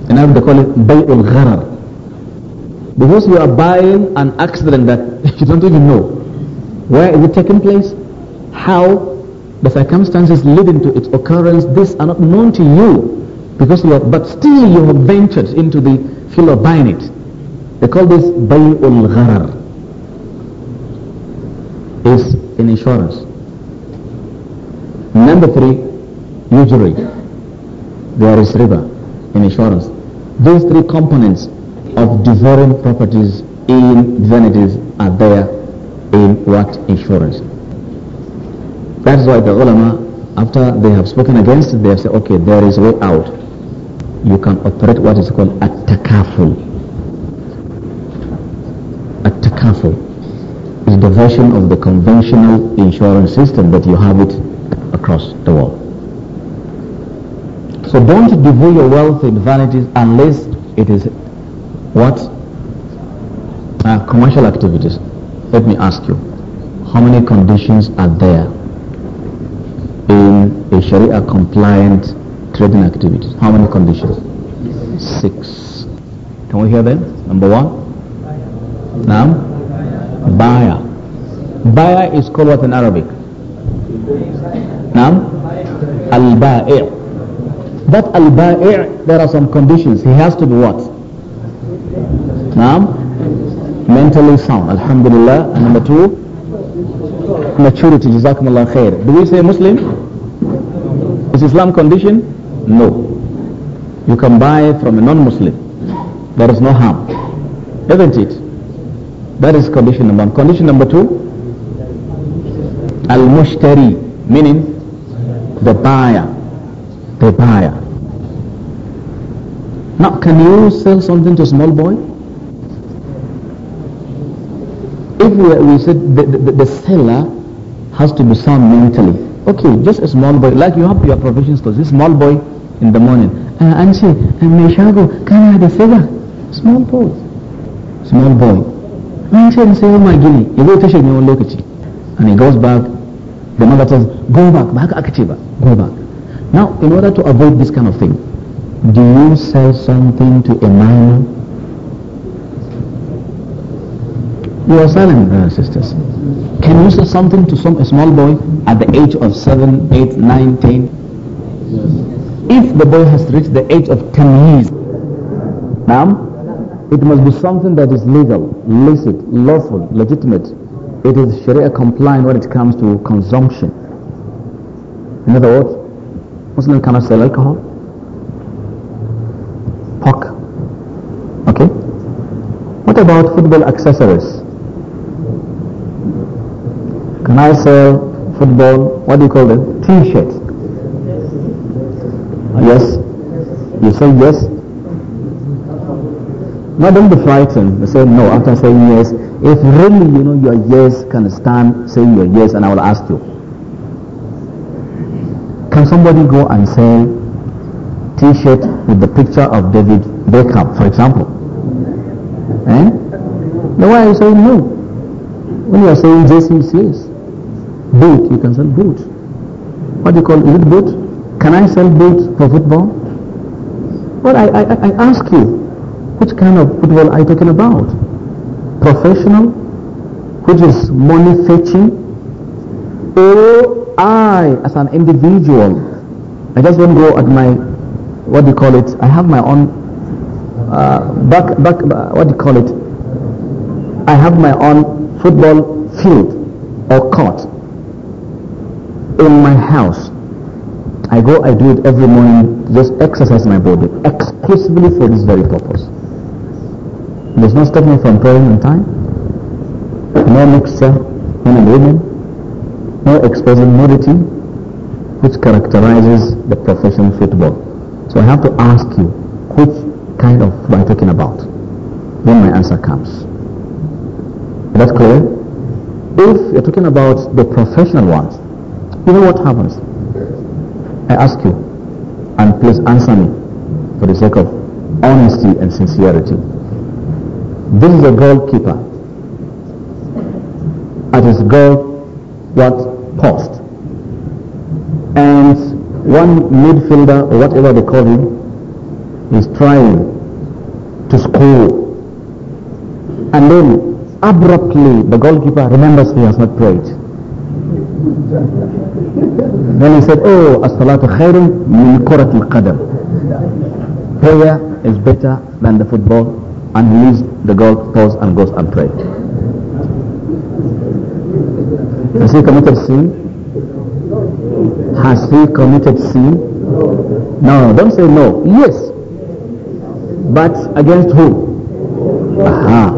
And I would call it al gharar. Because you are buying an accident that <laughs> you don't even know. Where is it taking place? How the circumstances leading to its occurrence, these are not known to you. Because you are, but still you have ventured into the field of buying it. They call this bay'ul gharar. Is in insurance. Number three, usury. There is riba in insurance. These three components of devouring properties in vanities are there in what insurance. That is why the ulama, after they have spoken against it, they have said, okay, there is way out. You can operate what is called a takaful. A takaful is the version of the conventional insurance system that you have it across the world. So don't devote your wealth in vanities unless it is what? Uh, commercial activities. Let me ask you, how many conditions are there in a Sharia compliant trading activity? How many conditions? Six. Can we hear them? Number one? Now? Buyer. Buyer is called what in Arabic? Now? Al-Ba'i'. That Al-Ba'i' there are some conditions. He has to be what? Naam? Mentally sound. Alhamdulillah. And number two, maturity. Jazakumullah khair. Do we say Muslim? Is Islam condition? No. You can buy from a non-Muslim. There is no harm. Isn't it? That is condition number one. Condition number two, al-mushtari, meaning the buyer. The buyer. Now, can you sell something to a small boy? if we said the, the, the seller has to be sound mentally. Okay, just a small boy, like you have your provisions, because this small boy in the morning. Uh, and say, me shago, have da sega? Small boy. Small boy. An ce in sayo magini, ya zo tashar ne wani And he goes back, the mother says, go back, back haka go back. Now, in order to avoid this kind of thing, do you sell something to a minor You are silent, brothers uh, and sisters. Can you say something to some small boy at the age of 7, 8, 9, 10? If the boy has reached the age of 10 years, now it must be something that is legal, licit, lawful, legitimate. It is Sharia compliant when it comes to consumption. In other words, Muslim cannot sell alcohol, pork. Okay? What about football accessories? I sell football, what do you call them? T-shirts. Yes. You say yes. No, don't be frightened. You say no after saying yes. If really you know your yes can stand, say your yes and I will ask you. Can somebody go and sell T-shirt with the picture of David Beckham, for example? Eh? No, why are you saying no? When you are saying yes, yes. Boot, you can sell boot. What do you call, is it boot? Can I sell boots for football? Well, I, I, I ask you, which kind of football are you talking about? Professional, which is money fetching, or I, as an individual, I just want not go at my, what do you call it? I have my own, uh, back, back, uh, what do you call it? I have my own football field or court in my house. I go, I do it every morning, just exercise my body exclusively for this very purpose. It does not stop me from praying on time. No mixture, men and women, no exposing nudity, which characterizes the professional football. So I have to ask you, which kind of are I talking about? Then my answer comes. Is that clear? If you're talking about the professional ones, you know what happens? I ask you, and please answer me for the sake of honesty and sincerity. This is a goalkeeper at his goal, what post, and one midfielder or whatever they call him is trying to score, and then abruptly the goalkeeper remembers he has not prayed. Then he said, Oh, as-salatu khairun min kurat al-qadam. Prayer is better than the football and he leaves the golf course and goes and pray. Has he committed sin? Has he committed sin? No, don't say no. Yes. But against who? Aha.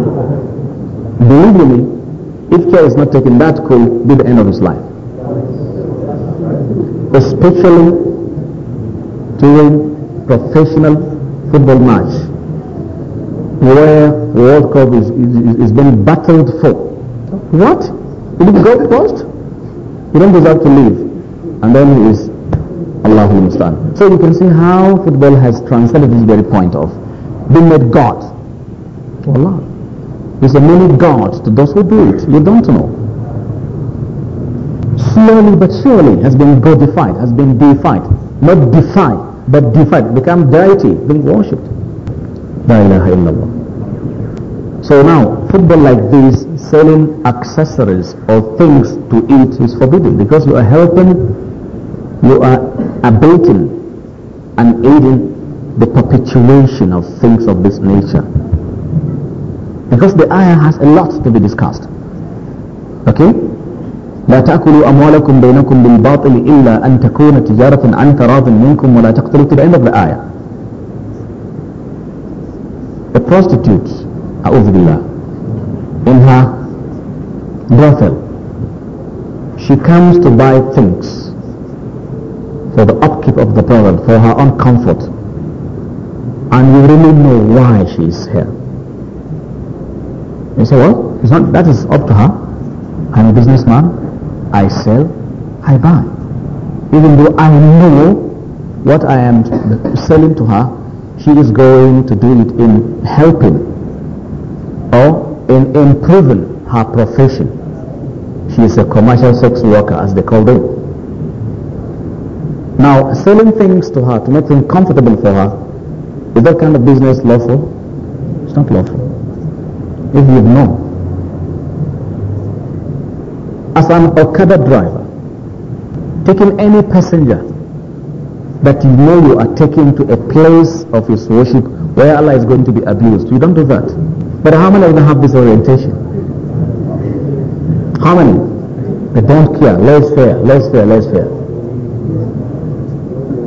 Believe me, if care is not taken, that could be the end of his life especially during professional football match where World Cup is, is, is being battled for. What? will didn't go first? You don't deserve to live. And then he is Allahu Mustan. So you can see how football has transcended this very point of being made God. Allah. It's a made God to those who do it. You don't know slowly but surely has been godified, has been deified. Not defied, but deified, become deity, being worshipped. La ilaha illallah. So now, football like this, selling accessories or things to eat is forbidden because you are helping, you are abating and aiding the perpetuation of things of this nature. Because the ayah has a lot to be discussed. Okay? لا تأكلوا أموالكم بينكم بالباطل إلا أن تكون تجارة عن تراض منكم ولا تقتلوا تبعين the الآية the a prostitute أعوذ بالله in her brothel she comes to buy things for the upkeep of the brothel for her own comfort and you really know why she is here you say well it's not, that is up to her I'm a businessman I sell, I buy. Even though I know what I am selling to her, she is going to do it in helping or in improving her profession. She is a commercial sex worker as they call them. Now, selling things to her to make things comfortable for her, is that kind of business lawful? It's not lawful. If you know as an Okada driver taking any passenger that you know you are taking to a place of his worship where Allah is going to be abused. You don't do that. But how many of them have this orientation? How many? They don't care. Let's fair, let's fair, let's fair.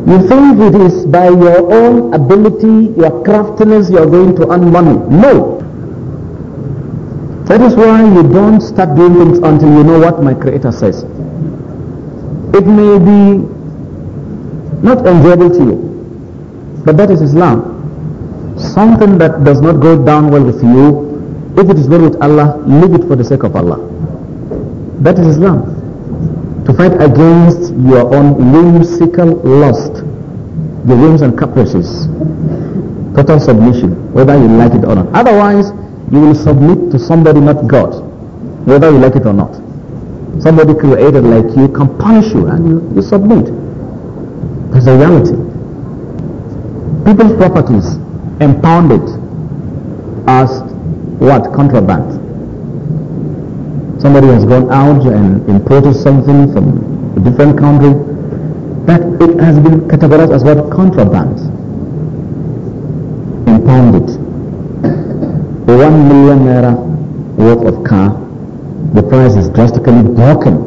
You think it is by your own ability, your craftiness, you are going to earn money. No. That is why you don't start doing things until you know what my Creator says. It may be not enjoyable to you, but that is Islam. Something that does not go down well with you, if it is well with Allah, leave it for the sake of Allah. That is Islam. To fight against your own whimsical lust, your whims and caprices, total submission, whether you like it or not. Otherwise, you will submit to somebody not God, whether you like it or not. Somebody created like you can punish you and you, you submit. There's a reality. People's properties impounded as what? Contraband. Somebody has gone out and imported something from a different country that it has been categorized as what? Contraband. Impounded one million naira worth of car, the price is drastically broken.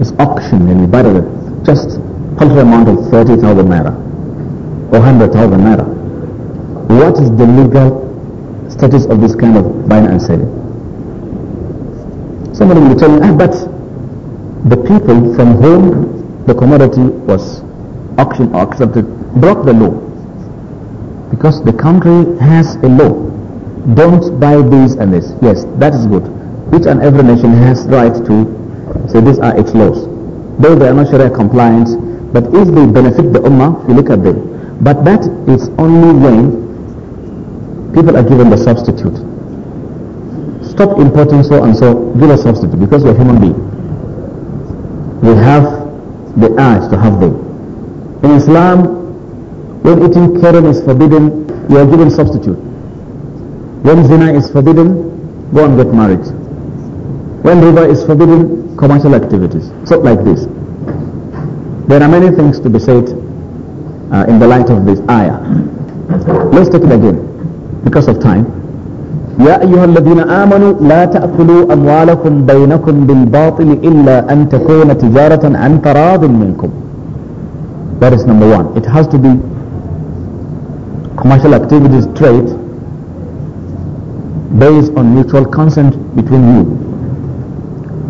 It's auctioned and you buy it just paltry amount of 30,000 naira or 100,000 naira. What is the legal status of this kind of buying and selling? Somebody will tell me, ah, but the people from whom the commodity was auctioned or accepted broke the law because the country has a law don't buy this and this. Yes, that is good. Each and every nation has right to say these are its laws. Though they are not Sharia compliant, but if they benefit the Ummah, you look at them. But that is only when people are given the substitute. Stop importing so and so, give a substitute because we're human beings. We have the urge to have them. In Islam, when eating Karen is forbidden, you are given substitute. When zina is forbidden, go and get married. When riba is forbidden, commercial activities. So like this. There are many things to be said uh, in the light of this ayah. Let's take it again because of time. يا أيها الذين آمنوا لا تأكلوا أموالكم بينكم بالباطل إلا أن تكون تجارة عن تراض منكم That is number one. It has to be commercial activities, trade, based on mutual consent between you.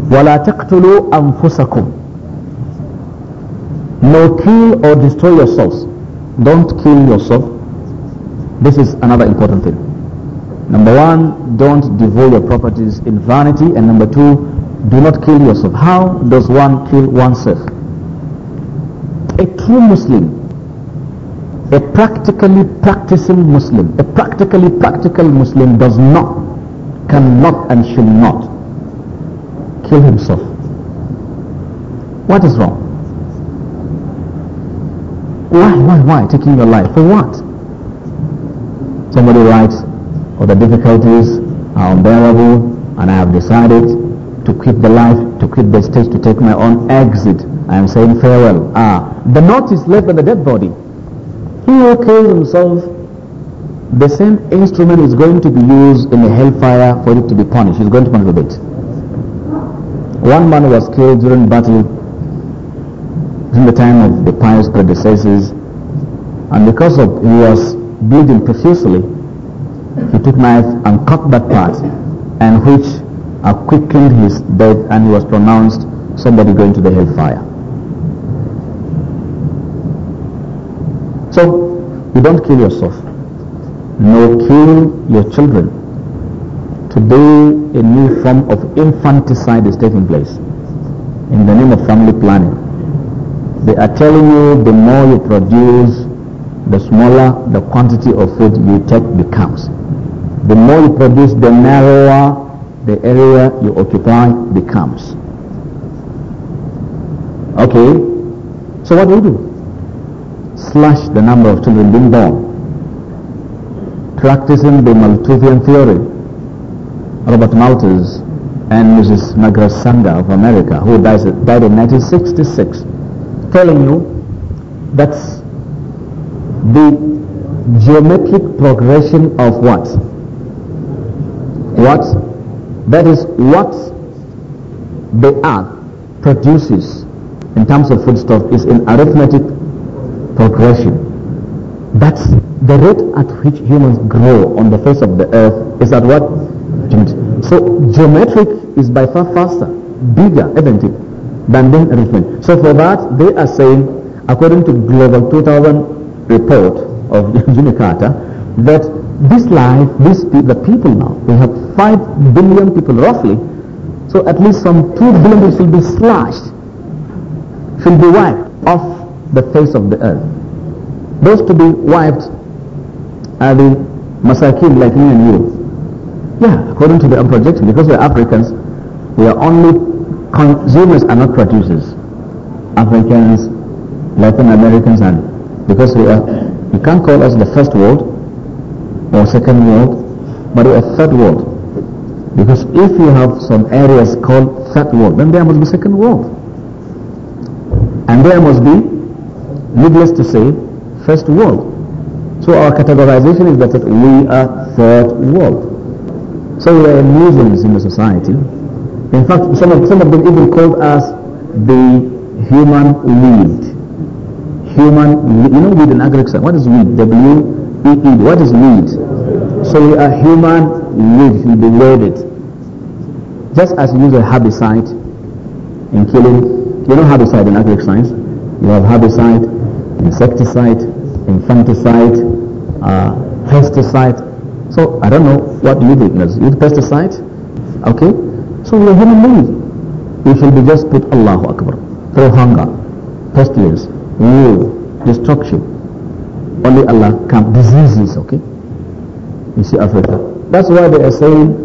وَلَا تَقْتُلُوا أَنفُسَكُمْ No kill or destroy yourselves. Don't kill yourself. This is another important thing. Number one, don't devote your properties in vanity. And number two, do not kill yourself. How does one kill oneself? A true Muslim a practically practicing Muslim, a practically practical Muslim does not, cannot and should not kill himself. What is wrong? Why, why, why taking your life? For what? Somebody writes, "All oh, the difficulties are unbearable and I have decided to quit the life, to quit the stage, to take my own exit. I am saying farewell. Ah, the note is left on the dead body who will kill himself, the same instrument is going to be used in the hellfire for it to be punished. He's going to punish the bit. One man was killed during battle during the time of the pious predecessors, and because of he was bleeding profusely, he took knife and cut that part, and which quickened his death, and he was pronounced somebody going to the hellfire. So you don't kill yourself, nor kill your children. Today, a new form of infanticide is taking place in the name of family planning. They are telling you the more you produce, the smaller the quantity of food you take becomes. The more you produce, the narrower the area you occupy becomes. Okay, so what do you do? slash the number of children being born, practicing the Malthusian theory. Robert Malthus and Mrs. Margaret Sanger of America, who died in 1966, telling you that the geometric progression of what? What? That is what the earth produces in terms of foodstuff is in arithmetic progression. That's the rate at which humans grow on the face of the earth is at what? So geometric is by far faster, bigger, isn't it, than the So for that, they are saying, according to Global 2000 report of Jimmy <laughs> Carter, that this life, this pe- the people now, we have 5 billion people roughly, so at least some 2 billion people should be slashed, should be wiped off the face of the earth. Those to be wiped are the masakim like me and you. Yeah, according to the projection, because we're Africans, we are only consumers and not producers. Africans, Latin Americans, and because we are, you can't call us the first world or second world, but we are third world. Because if you have some areas called third world, then there must be second world. And there must be needless to say, first world. So our categorization is that we are third world. So we are Muslims in the society. In fact, some of, some of them even called us the human weed. Human, you know weed in agriculture. What is weed? W-E-E. What is weed? So we are human weed. We it. Just as you use a herbicide in killing, you know herbicide in agriculture science. You have herbicide, insecticide, infanticide, uh, pesticide. So I don't know what you did. You did pesticide? Okay. So we are human being. We should be just put Allahu Akbar through hunger, pestilence, war, destruction. Only Allah can diseases, okay? You see Africa. That's why they are saying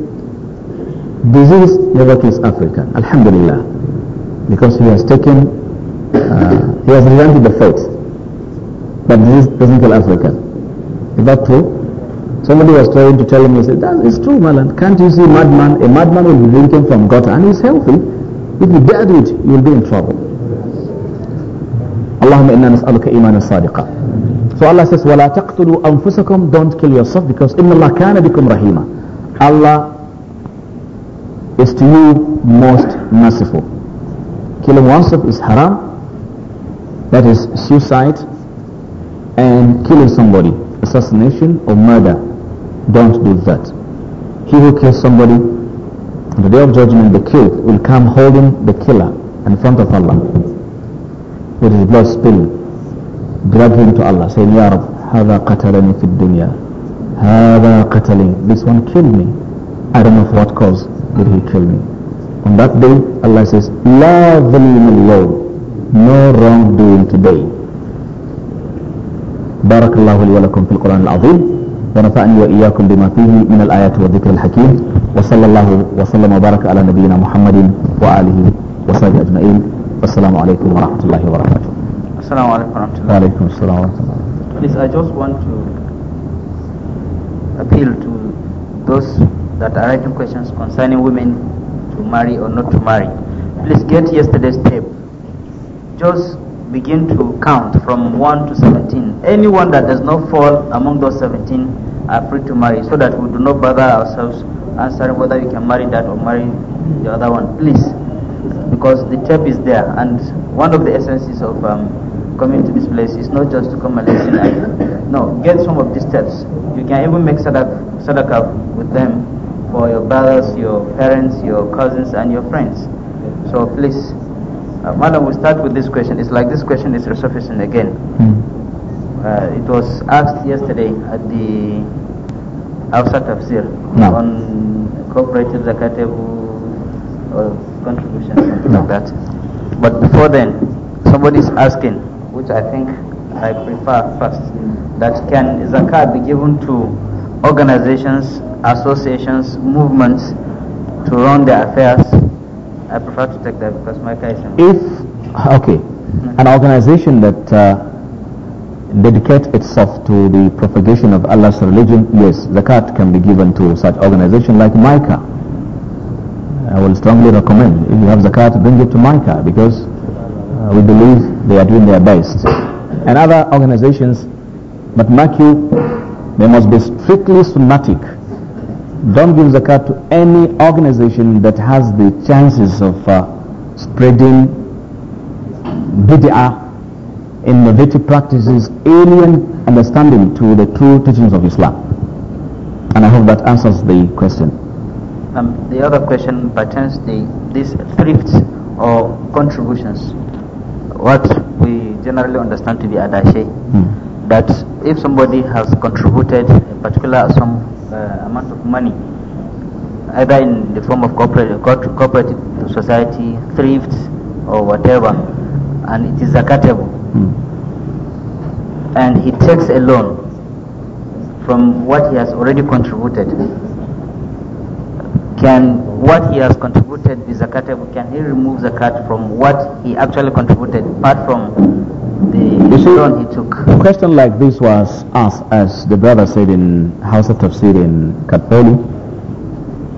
disease never kills Africa. Alhamdulillah. Because he has taken, uh, he has relented the fate. But this doesn't kill Africa. Is that true? Somebody was trying to tell me, he said, that is true, Malan. Can't you see madman? A madman will be drinking from gutter and he's healthy. If you dare do it, you'll be in trouble. اللهم إنا نسألك imana صادقا So Allah says, وَلَا تَقْتُلُوا أَنفُسَكُمْ Don't kill yourself because إِنَّ اللَّهَ كَانَ بِكُمْ رَحِيمًا Allah is to you most merciful. Killing oneself is haram. That is suicide and killing somebody, assassination or murder. Don't do that. He who kills somebody, on the day of judgment, the killed will come holding the killer in front of Allah with his blood spilling. Drag him to Allah, saying, Ya Rab, هذا قتلني في الدنيا هذا قتلني This one killed me. I don't know for what cause did he kill me. On that day, Allah says, لا ظلم اليوم No wrongdoing today. بارك الله لي ولكم في القرآن العظيم ونفعني وإياكم بما فيه من الآيات والذكر الحكيم وصلى الله وسلم وبارك على نبينا محمد وآله وصحبه أجمعين والسلام عليكم ورحمة الله وبركاته السلام عليكم ورحمة الله وعليكم السلام ورحمة الله Please, I just want to appeal to those that are writing questions concerning women to marry or not to marry. Please get yesterday's tape. Just begin to count from 1 to 17. Anyone that does not fall among those 17 are free to marry so that we do not bother ourselves answering whether you can marry that or marry the other one. Please, because the tape is there. And one of the essences of um, coming to this place is not just to come and listen. <coughs> no, get some of these tapes. You can even make sadaqah with them for your brothers, your parents, your cousins, and your friends. So please. Uh, Madam, we start with this question. It's like this question is resurfacing again. Hmm. Uh, it was asked yesterday at the outset Tafsir no. on cooperative zakatable or contribution, something no. like that. But before then, somebody is asking, which I think I prefer first, that can zakat be given to organizations, associations, movements to run their affairs I prefer to take that because Mecca is If, okay, mm-hmm. an organization that uh, dedicates itself to the propagation of Allah's religion, yes, zakat can be given to such organization like Micah. I will strongly recommend, if you have zakat, bring it to Micah because uh, we believe they are doing their best. And other organizations, but mark you, they must be strictly sunnatic don't give zakat to any organization that has the chances of uh, spreading bid'ah, innovative practices, alien understanding to the true teachings of Islam. And I hope that answers the question. Um, the other question pertains to these thrifts or contributions, what we generally understand to be adashe. Hmm. That if somebody has contributed a particular sum uh, amount of money, either in the form of corporate, corporate society, thrifts, or whatever, and it is zakatable. Hmm. And he takes a loan from what he has already contributed. Can what he has contributed be zakatable? Can he remove zakat from what he actually contributed, apart from you see, he took. A question like this was asked, as the brother said in House of Tafsir in Katpoli.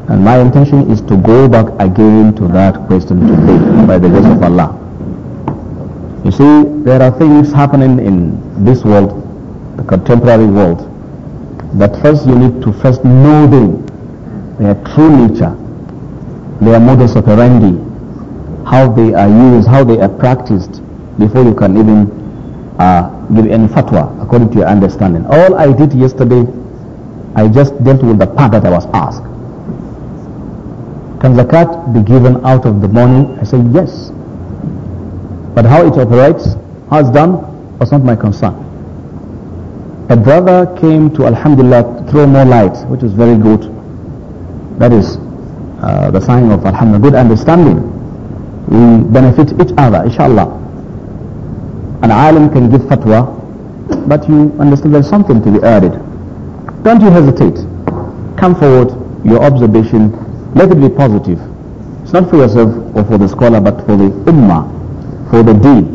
And my intention is to go back again to that question today by the grace of Allah. You see, there are things happening in this world, the contemporary world, that first you need to first know them, their true nature, their modus operandi, how they are used, how they are practiced, before you can even uh, give any fatwa according to your understanding. All I did yesterday, I just dealt with the part that I was asked. Can zakat be given out of the money? I say yes. But how it operates, how it's done, was not my concern. A brother came to Alhamdulillah to throw more light, which is very good. That is uh, the sign of Alhamdulillah, good understanding. We benefit each other, inshallah alim can give fatwa, but you understand there's something to be added. Don't you hesitate. Come forward, your observation, let it be positive. It's not for yourself or for the scholar, but for the ummah, for the deen.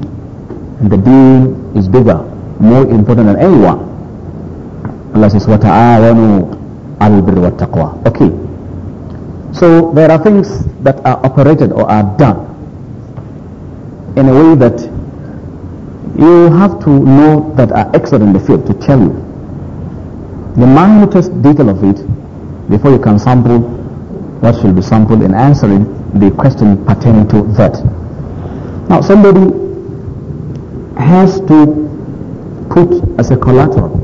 And the deen is bigger, more important than anyone. Allah says, وَتَعَاوَنُوا عَلَى الْبِرِّ وَالتَّقْوَى Okay. So there are things that are operated or are done in a way that you have to know that are expert in the field to tell you the minutest detail of it before you can sample what should be sampled in answering the question pertaining to that. Now somebody has to put as a collateral,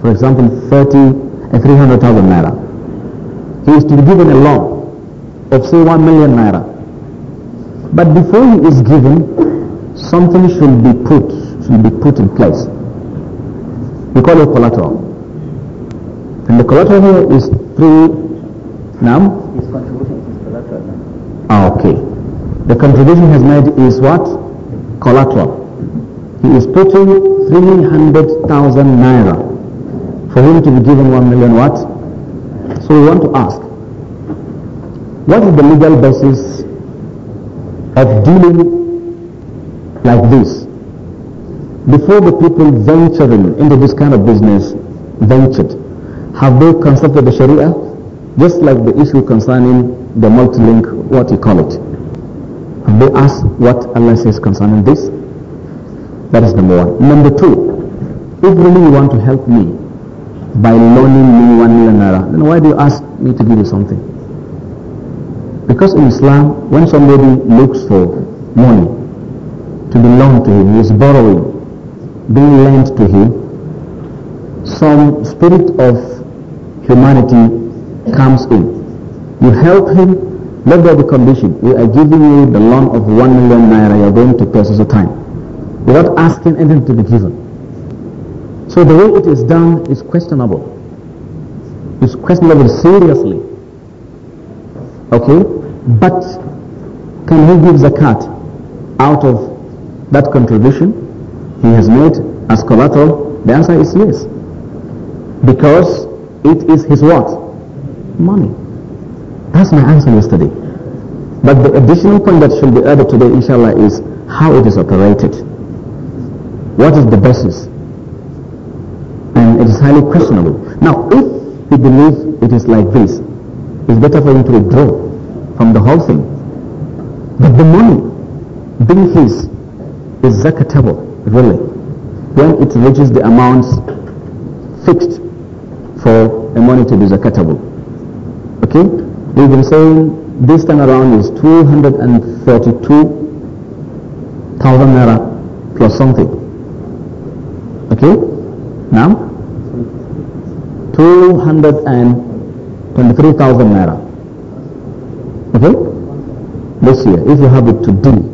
for example, 30, uh, 300,000 naira. He is to be given a loan of say 1 million naira. But before he is given, something should be put, should be put in place. We call it collateral. And the collateral here is three. now. His contribution is collateral. Ah, okay. The contribution he has made is what? Collateral. He is putting 300,000 naira for him to be given 1 million what? So we want to ask, what is the legal basis of dealing like this. Before the people venturing into this kind of business ventured, have they consulted the Sharia? Just like the issue concerning the multi-link, what you call it. Have they asked what Allah says concerning this? That is number one. Number two, if really you want to help me by loaning me one million naira, then why do you ask me to give you something? Because in Islam, when somebody looks for money, to belong to him. He is borrowing, being lent to him. Some spirit of humanity comes in. You help him, let there the condition. We are giving you the loan of one million naira. You are going to pay us a time. Without asking anything to be given. So the way it is done is questionable. It's questionable seriously. Okay? But can he give zakat out of that contribution he has made as collateral? The answer is yes. Because it is his what? Money. That's my answer yesterday. But the additional point that should be added today, inshallah, is how it is operated. What is the basis? And it is highly questionable. Now, if we believe it is like this, it's better for him to withdraw from the whole thing. But the money being his is zakatable, really, when it reaches the amounts fixed for a money to be zakatable. Okay? We've been saying this time around is 232,000 naira plus something. Okay? Now? 223,000 naira. Okay? This year, if you have it today,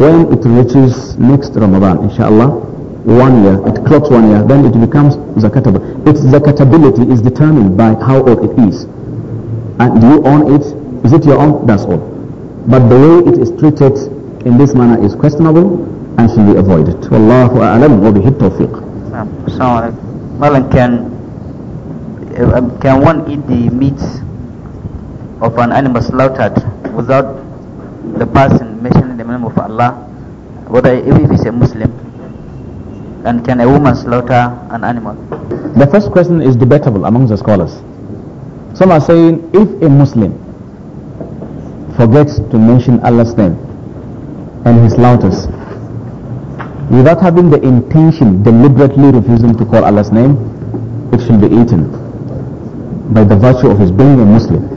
when it reaches next Ramadan, inshallah, one year, it clocks one year, then it becomes zakatable. Its zakatability is determined by how old it is. And do you own it? Is it your own? That's all. But the way it is treated in this manner is questionable and should be avoided. Wallahu a'lam wa bihi tawfiq. Malan, can, uh, can one eat the meat of an animal slaughtered without the person mentioning the name of Allah, whether if he is a Muslim, and can a woman slaughter an animal? The first question is debatable among the scholars. Some are saying if a Muslim forgets to mention Allah's name and he slaughters without having the intention deliberately refusing to call Allah's name, it should be eaten by the virtue of his being a Muslim.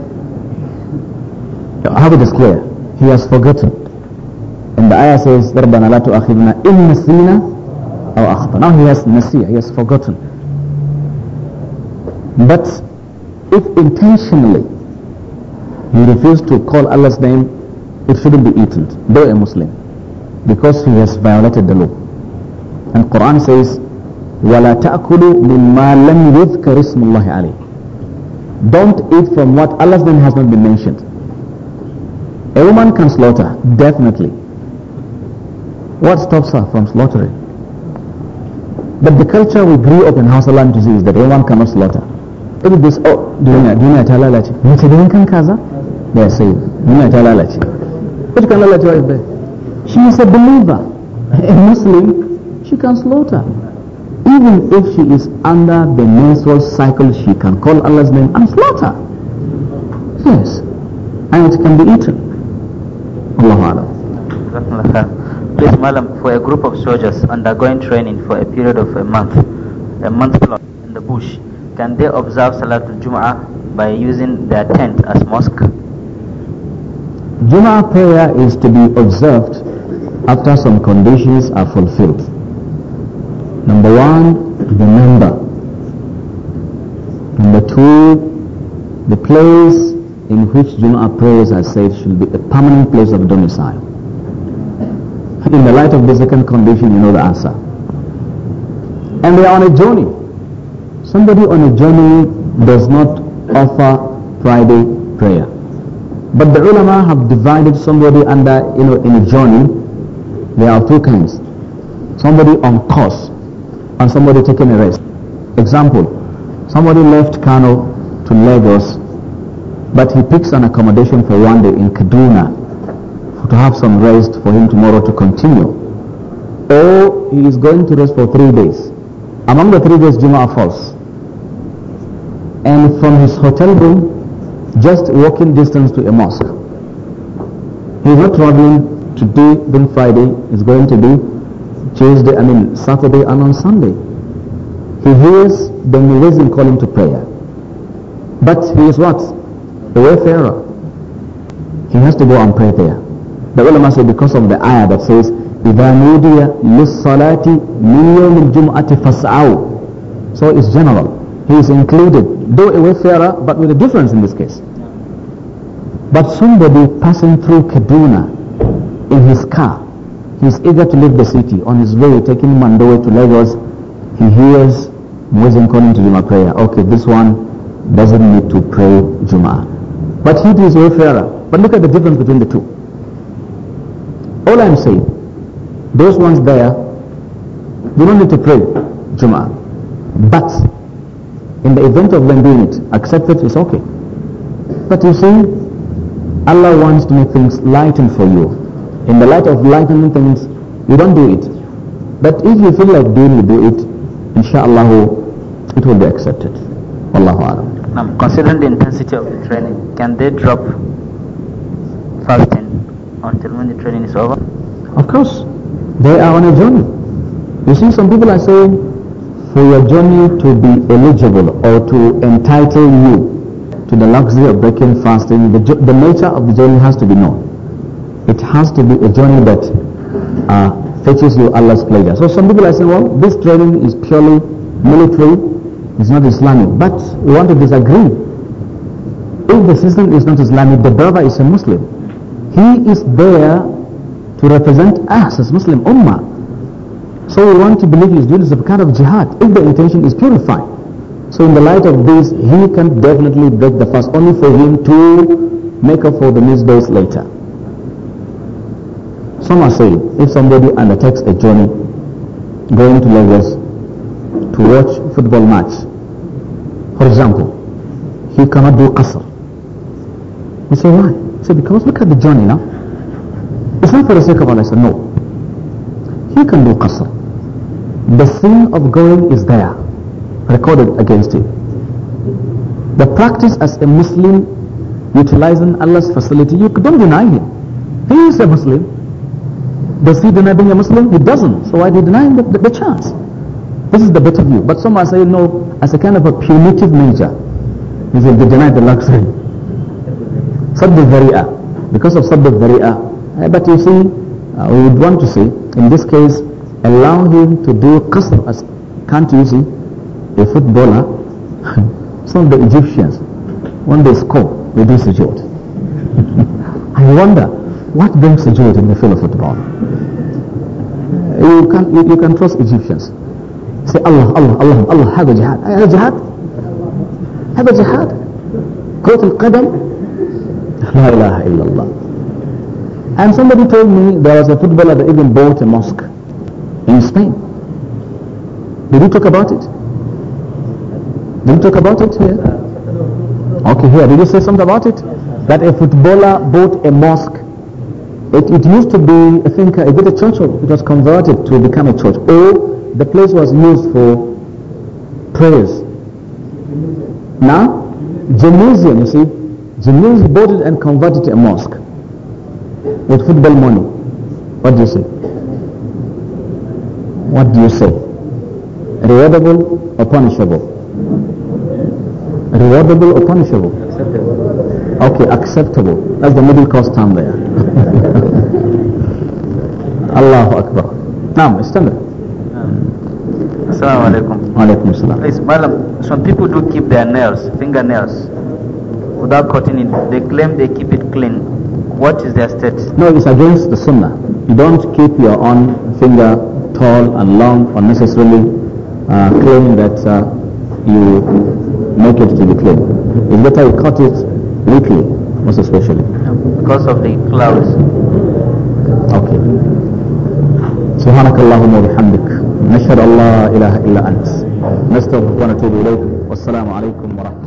How hope it is clear. He has forgotten. And the ayah says, رَبَّنَا لَا تُؤَخِذْنَا إِن نَسِينَا أَوْ أَخْطَأْنَا Now he has nasiya. he has forgotten. But if intentionally you refuse to call Allah's name, it shouldn't be eaten, though a Muslim, because he has violated the law. And Quran says, وَلَا تَأْكُلُوا مِمَّا لَمْ يُذْكَرِ اسْمُ اللَّهِ عَلَيْهِ Don't eat from what Allah's name has not been mentioned. A woman can slaughter, definitely. What stops her from slaughtering? But the culture we grew up in Hausaland to see is that a woman cannot slaughter. It is this, oh, duniya, duniya ta lalace. Mace even yankan kaza? They say, are saying, duniya ta lalace. Which can lalace her." there? She is a believer, a Muslim, she can slaughter. Even if she is under the menstrual cycle, she can call Allah's name and slaughter. Yes, and it can be eaten. Allahu Alam. Please, Malam, for a group of soldiers undergoing training for a period of a month, a month plus in the bush, can they observe Salatul Jum'ah by using their tent as mosque? Jum'ah prayer is to be observed after some conditions are fulfilled. Number one, the number. Number two, the place in which Jumu'ah prayers are said should be a permanent place of domicile. In the light of the second condition, you know the answer. And they are on a journey. Somebody on a journey does not offer Friday prayer. But the ulama have divided somebody under, you know, in a journey. There are two kinds. Somebody on course and somebody taking a rest. Example, somebody left Kano to Lagos but he picks an accommodation for one day in Kaduna to have some rest for him tomorrow to continue. Or he is going to rest for three days. Among the three days, Juma falls. And from his hotel room, just walking distance to a mosque. He is not traveling today, then Friday. is going to be Tuesday, I mean Saturday and on Sunday. He hears the muezzin calling to prayer. But he is what? the wayfarer. He has to go and pray there. The ulama say because of the ayah that says, إِذَا نُودِيَ لِلصَّلَاةِ مِنْ يَوْمِ الْجُمْعَةِ فَاسْعَوْا So it's general. He is included, though a wayfarer, but with a difference in this case. But somebody passing through Kaduna in his car, he's eager to leave the city. On his way, taking way to Lagos, he hears Muezzin calling to Juma prayer. Okay, this one doesn't need to pray Juma. But he is wayfarer. But look at the difference between the two. All I'm saying, those ones there, they don't need to pray Jum'ah. But in the event of them doing it, it. It's okay. But you see, Allah wants to make things lighten for you. In the light of lightening things, you don't do it. But if you feel like doing, you do it. Inshallah, it will be accepted. Allahu Alam. Now, considering the intensity of the training, can they drop fasting until when the training is over? Of course, they are on a journey. You see, some people are saying, for your journey to be eligible or to entitle you to the luxury of breaking fasting, the, the nature of the journey has to be known. It has to be a journey that uh, fetches you Allah's pleasure. So some people are saying, well, this training is purely military it's not Islamic. But we want to disagree. If the system is not Islamic, the brother is a Muslim. He is there to represent us as Muslim Ummah. So we want to believe he is doing a kind of jihad if the intention is purified. So in the light of this, he can definitely break the fast only for him to make up for the missed days later. Some are saying if somebody undertakes a journey going to Lagos to watch football match. For example, he cannot do qasr. We say, why? He said, because look at the journey now. It's not for the sake of Allah. I said, no. He can do qasr. The sin of going is there, recorded against him. The practice as a Muslim utilizing Allah's facility, you don't deny him. He is a Muslim. Does he deny being a Muslim? He doesn't. So why do you deny him the, the, the chance? This is the better view. But some are saying, no, as a kind of a punitive measure, they will deny the luxury. Sadd because of Sadd eh, But you see, uh, we would want to see, in this case, allow him to do custom As, can't you see, a footballer, <laughs> some of the Egyptians, when they score, they do sujood. <laughs> I wonder, what brings sujood in the field of football? You can, you, you can trust Egyptians. سي الله الله الله الله هذا جهاد هذا جهاد هذا جهاد كرة القدم لا إله إلا الله and somebody told me there was a footballer that even bought a mosque in Spain did you talk about it did you talk about it here okay here did you say something about it that a footballer bought a mosque it, it used to be I think uh, is it a church or it was converted to become a church or the place was used for prayers. Now, gymnasium, you see, gymnasium bought it and converted to a mosque with football money. What do you say? What do you say? Rewardable or punishable? Rewardable or punishable? Acceptable. Okay, acceptable. That's the middle class term there. <laughs> Allahu Akbar. Now, Istamil. Assalamu alaikum. Alaikum Please, madam, some people do keep their nails, fingernails, without cutting it. They claim they keep it clean. What is their status? No, it's against the sunnah. You don't keep your own finger tall and long unnecessarily, uh, claiming that uh, you make it to be clean. It's better you cut it weekly, most especially. Because of the clouds. سبحانك اللهم وبحمدك نشهد الله إله إلا أنت نستغفرك ونتوب إليك والسلام عليكم ورحمة الله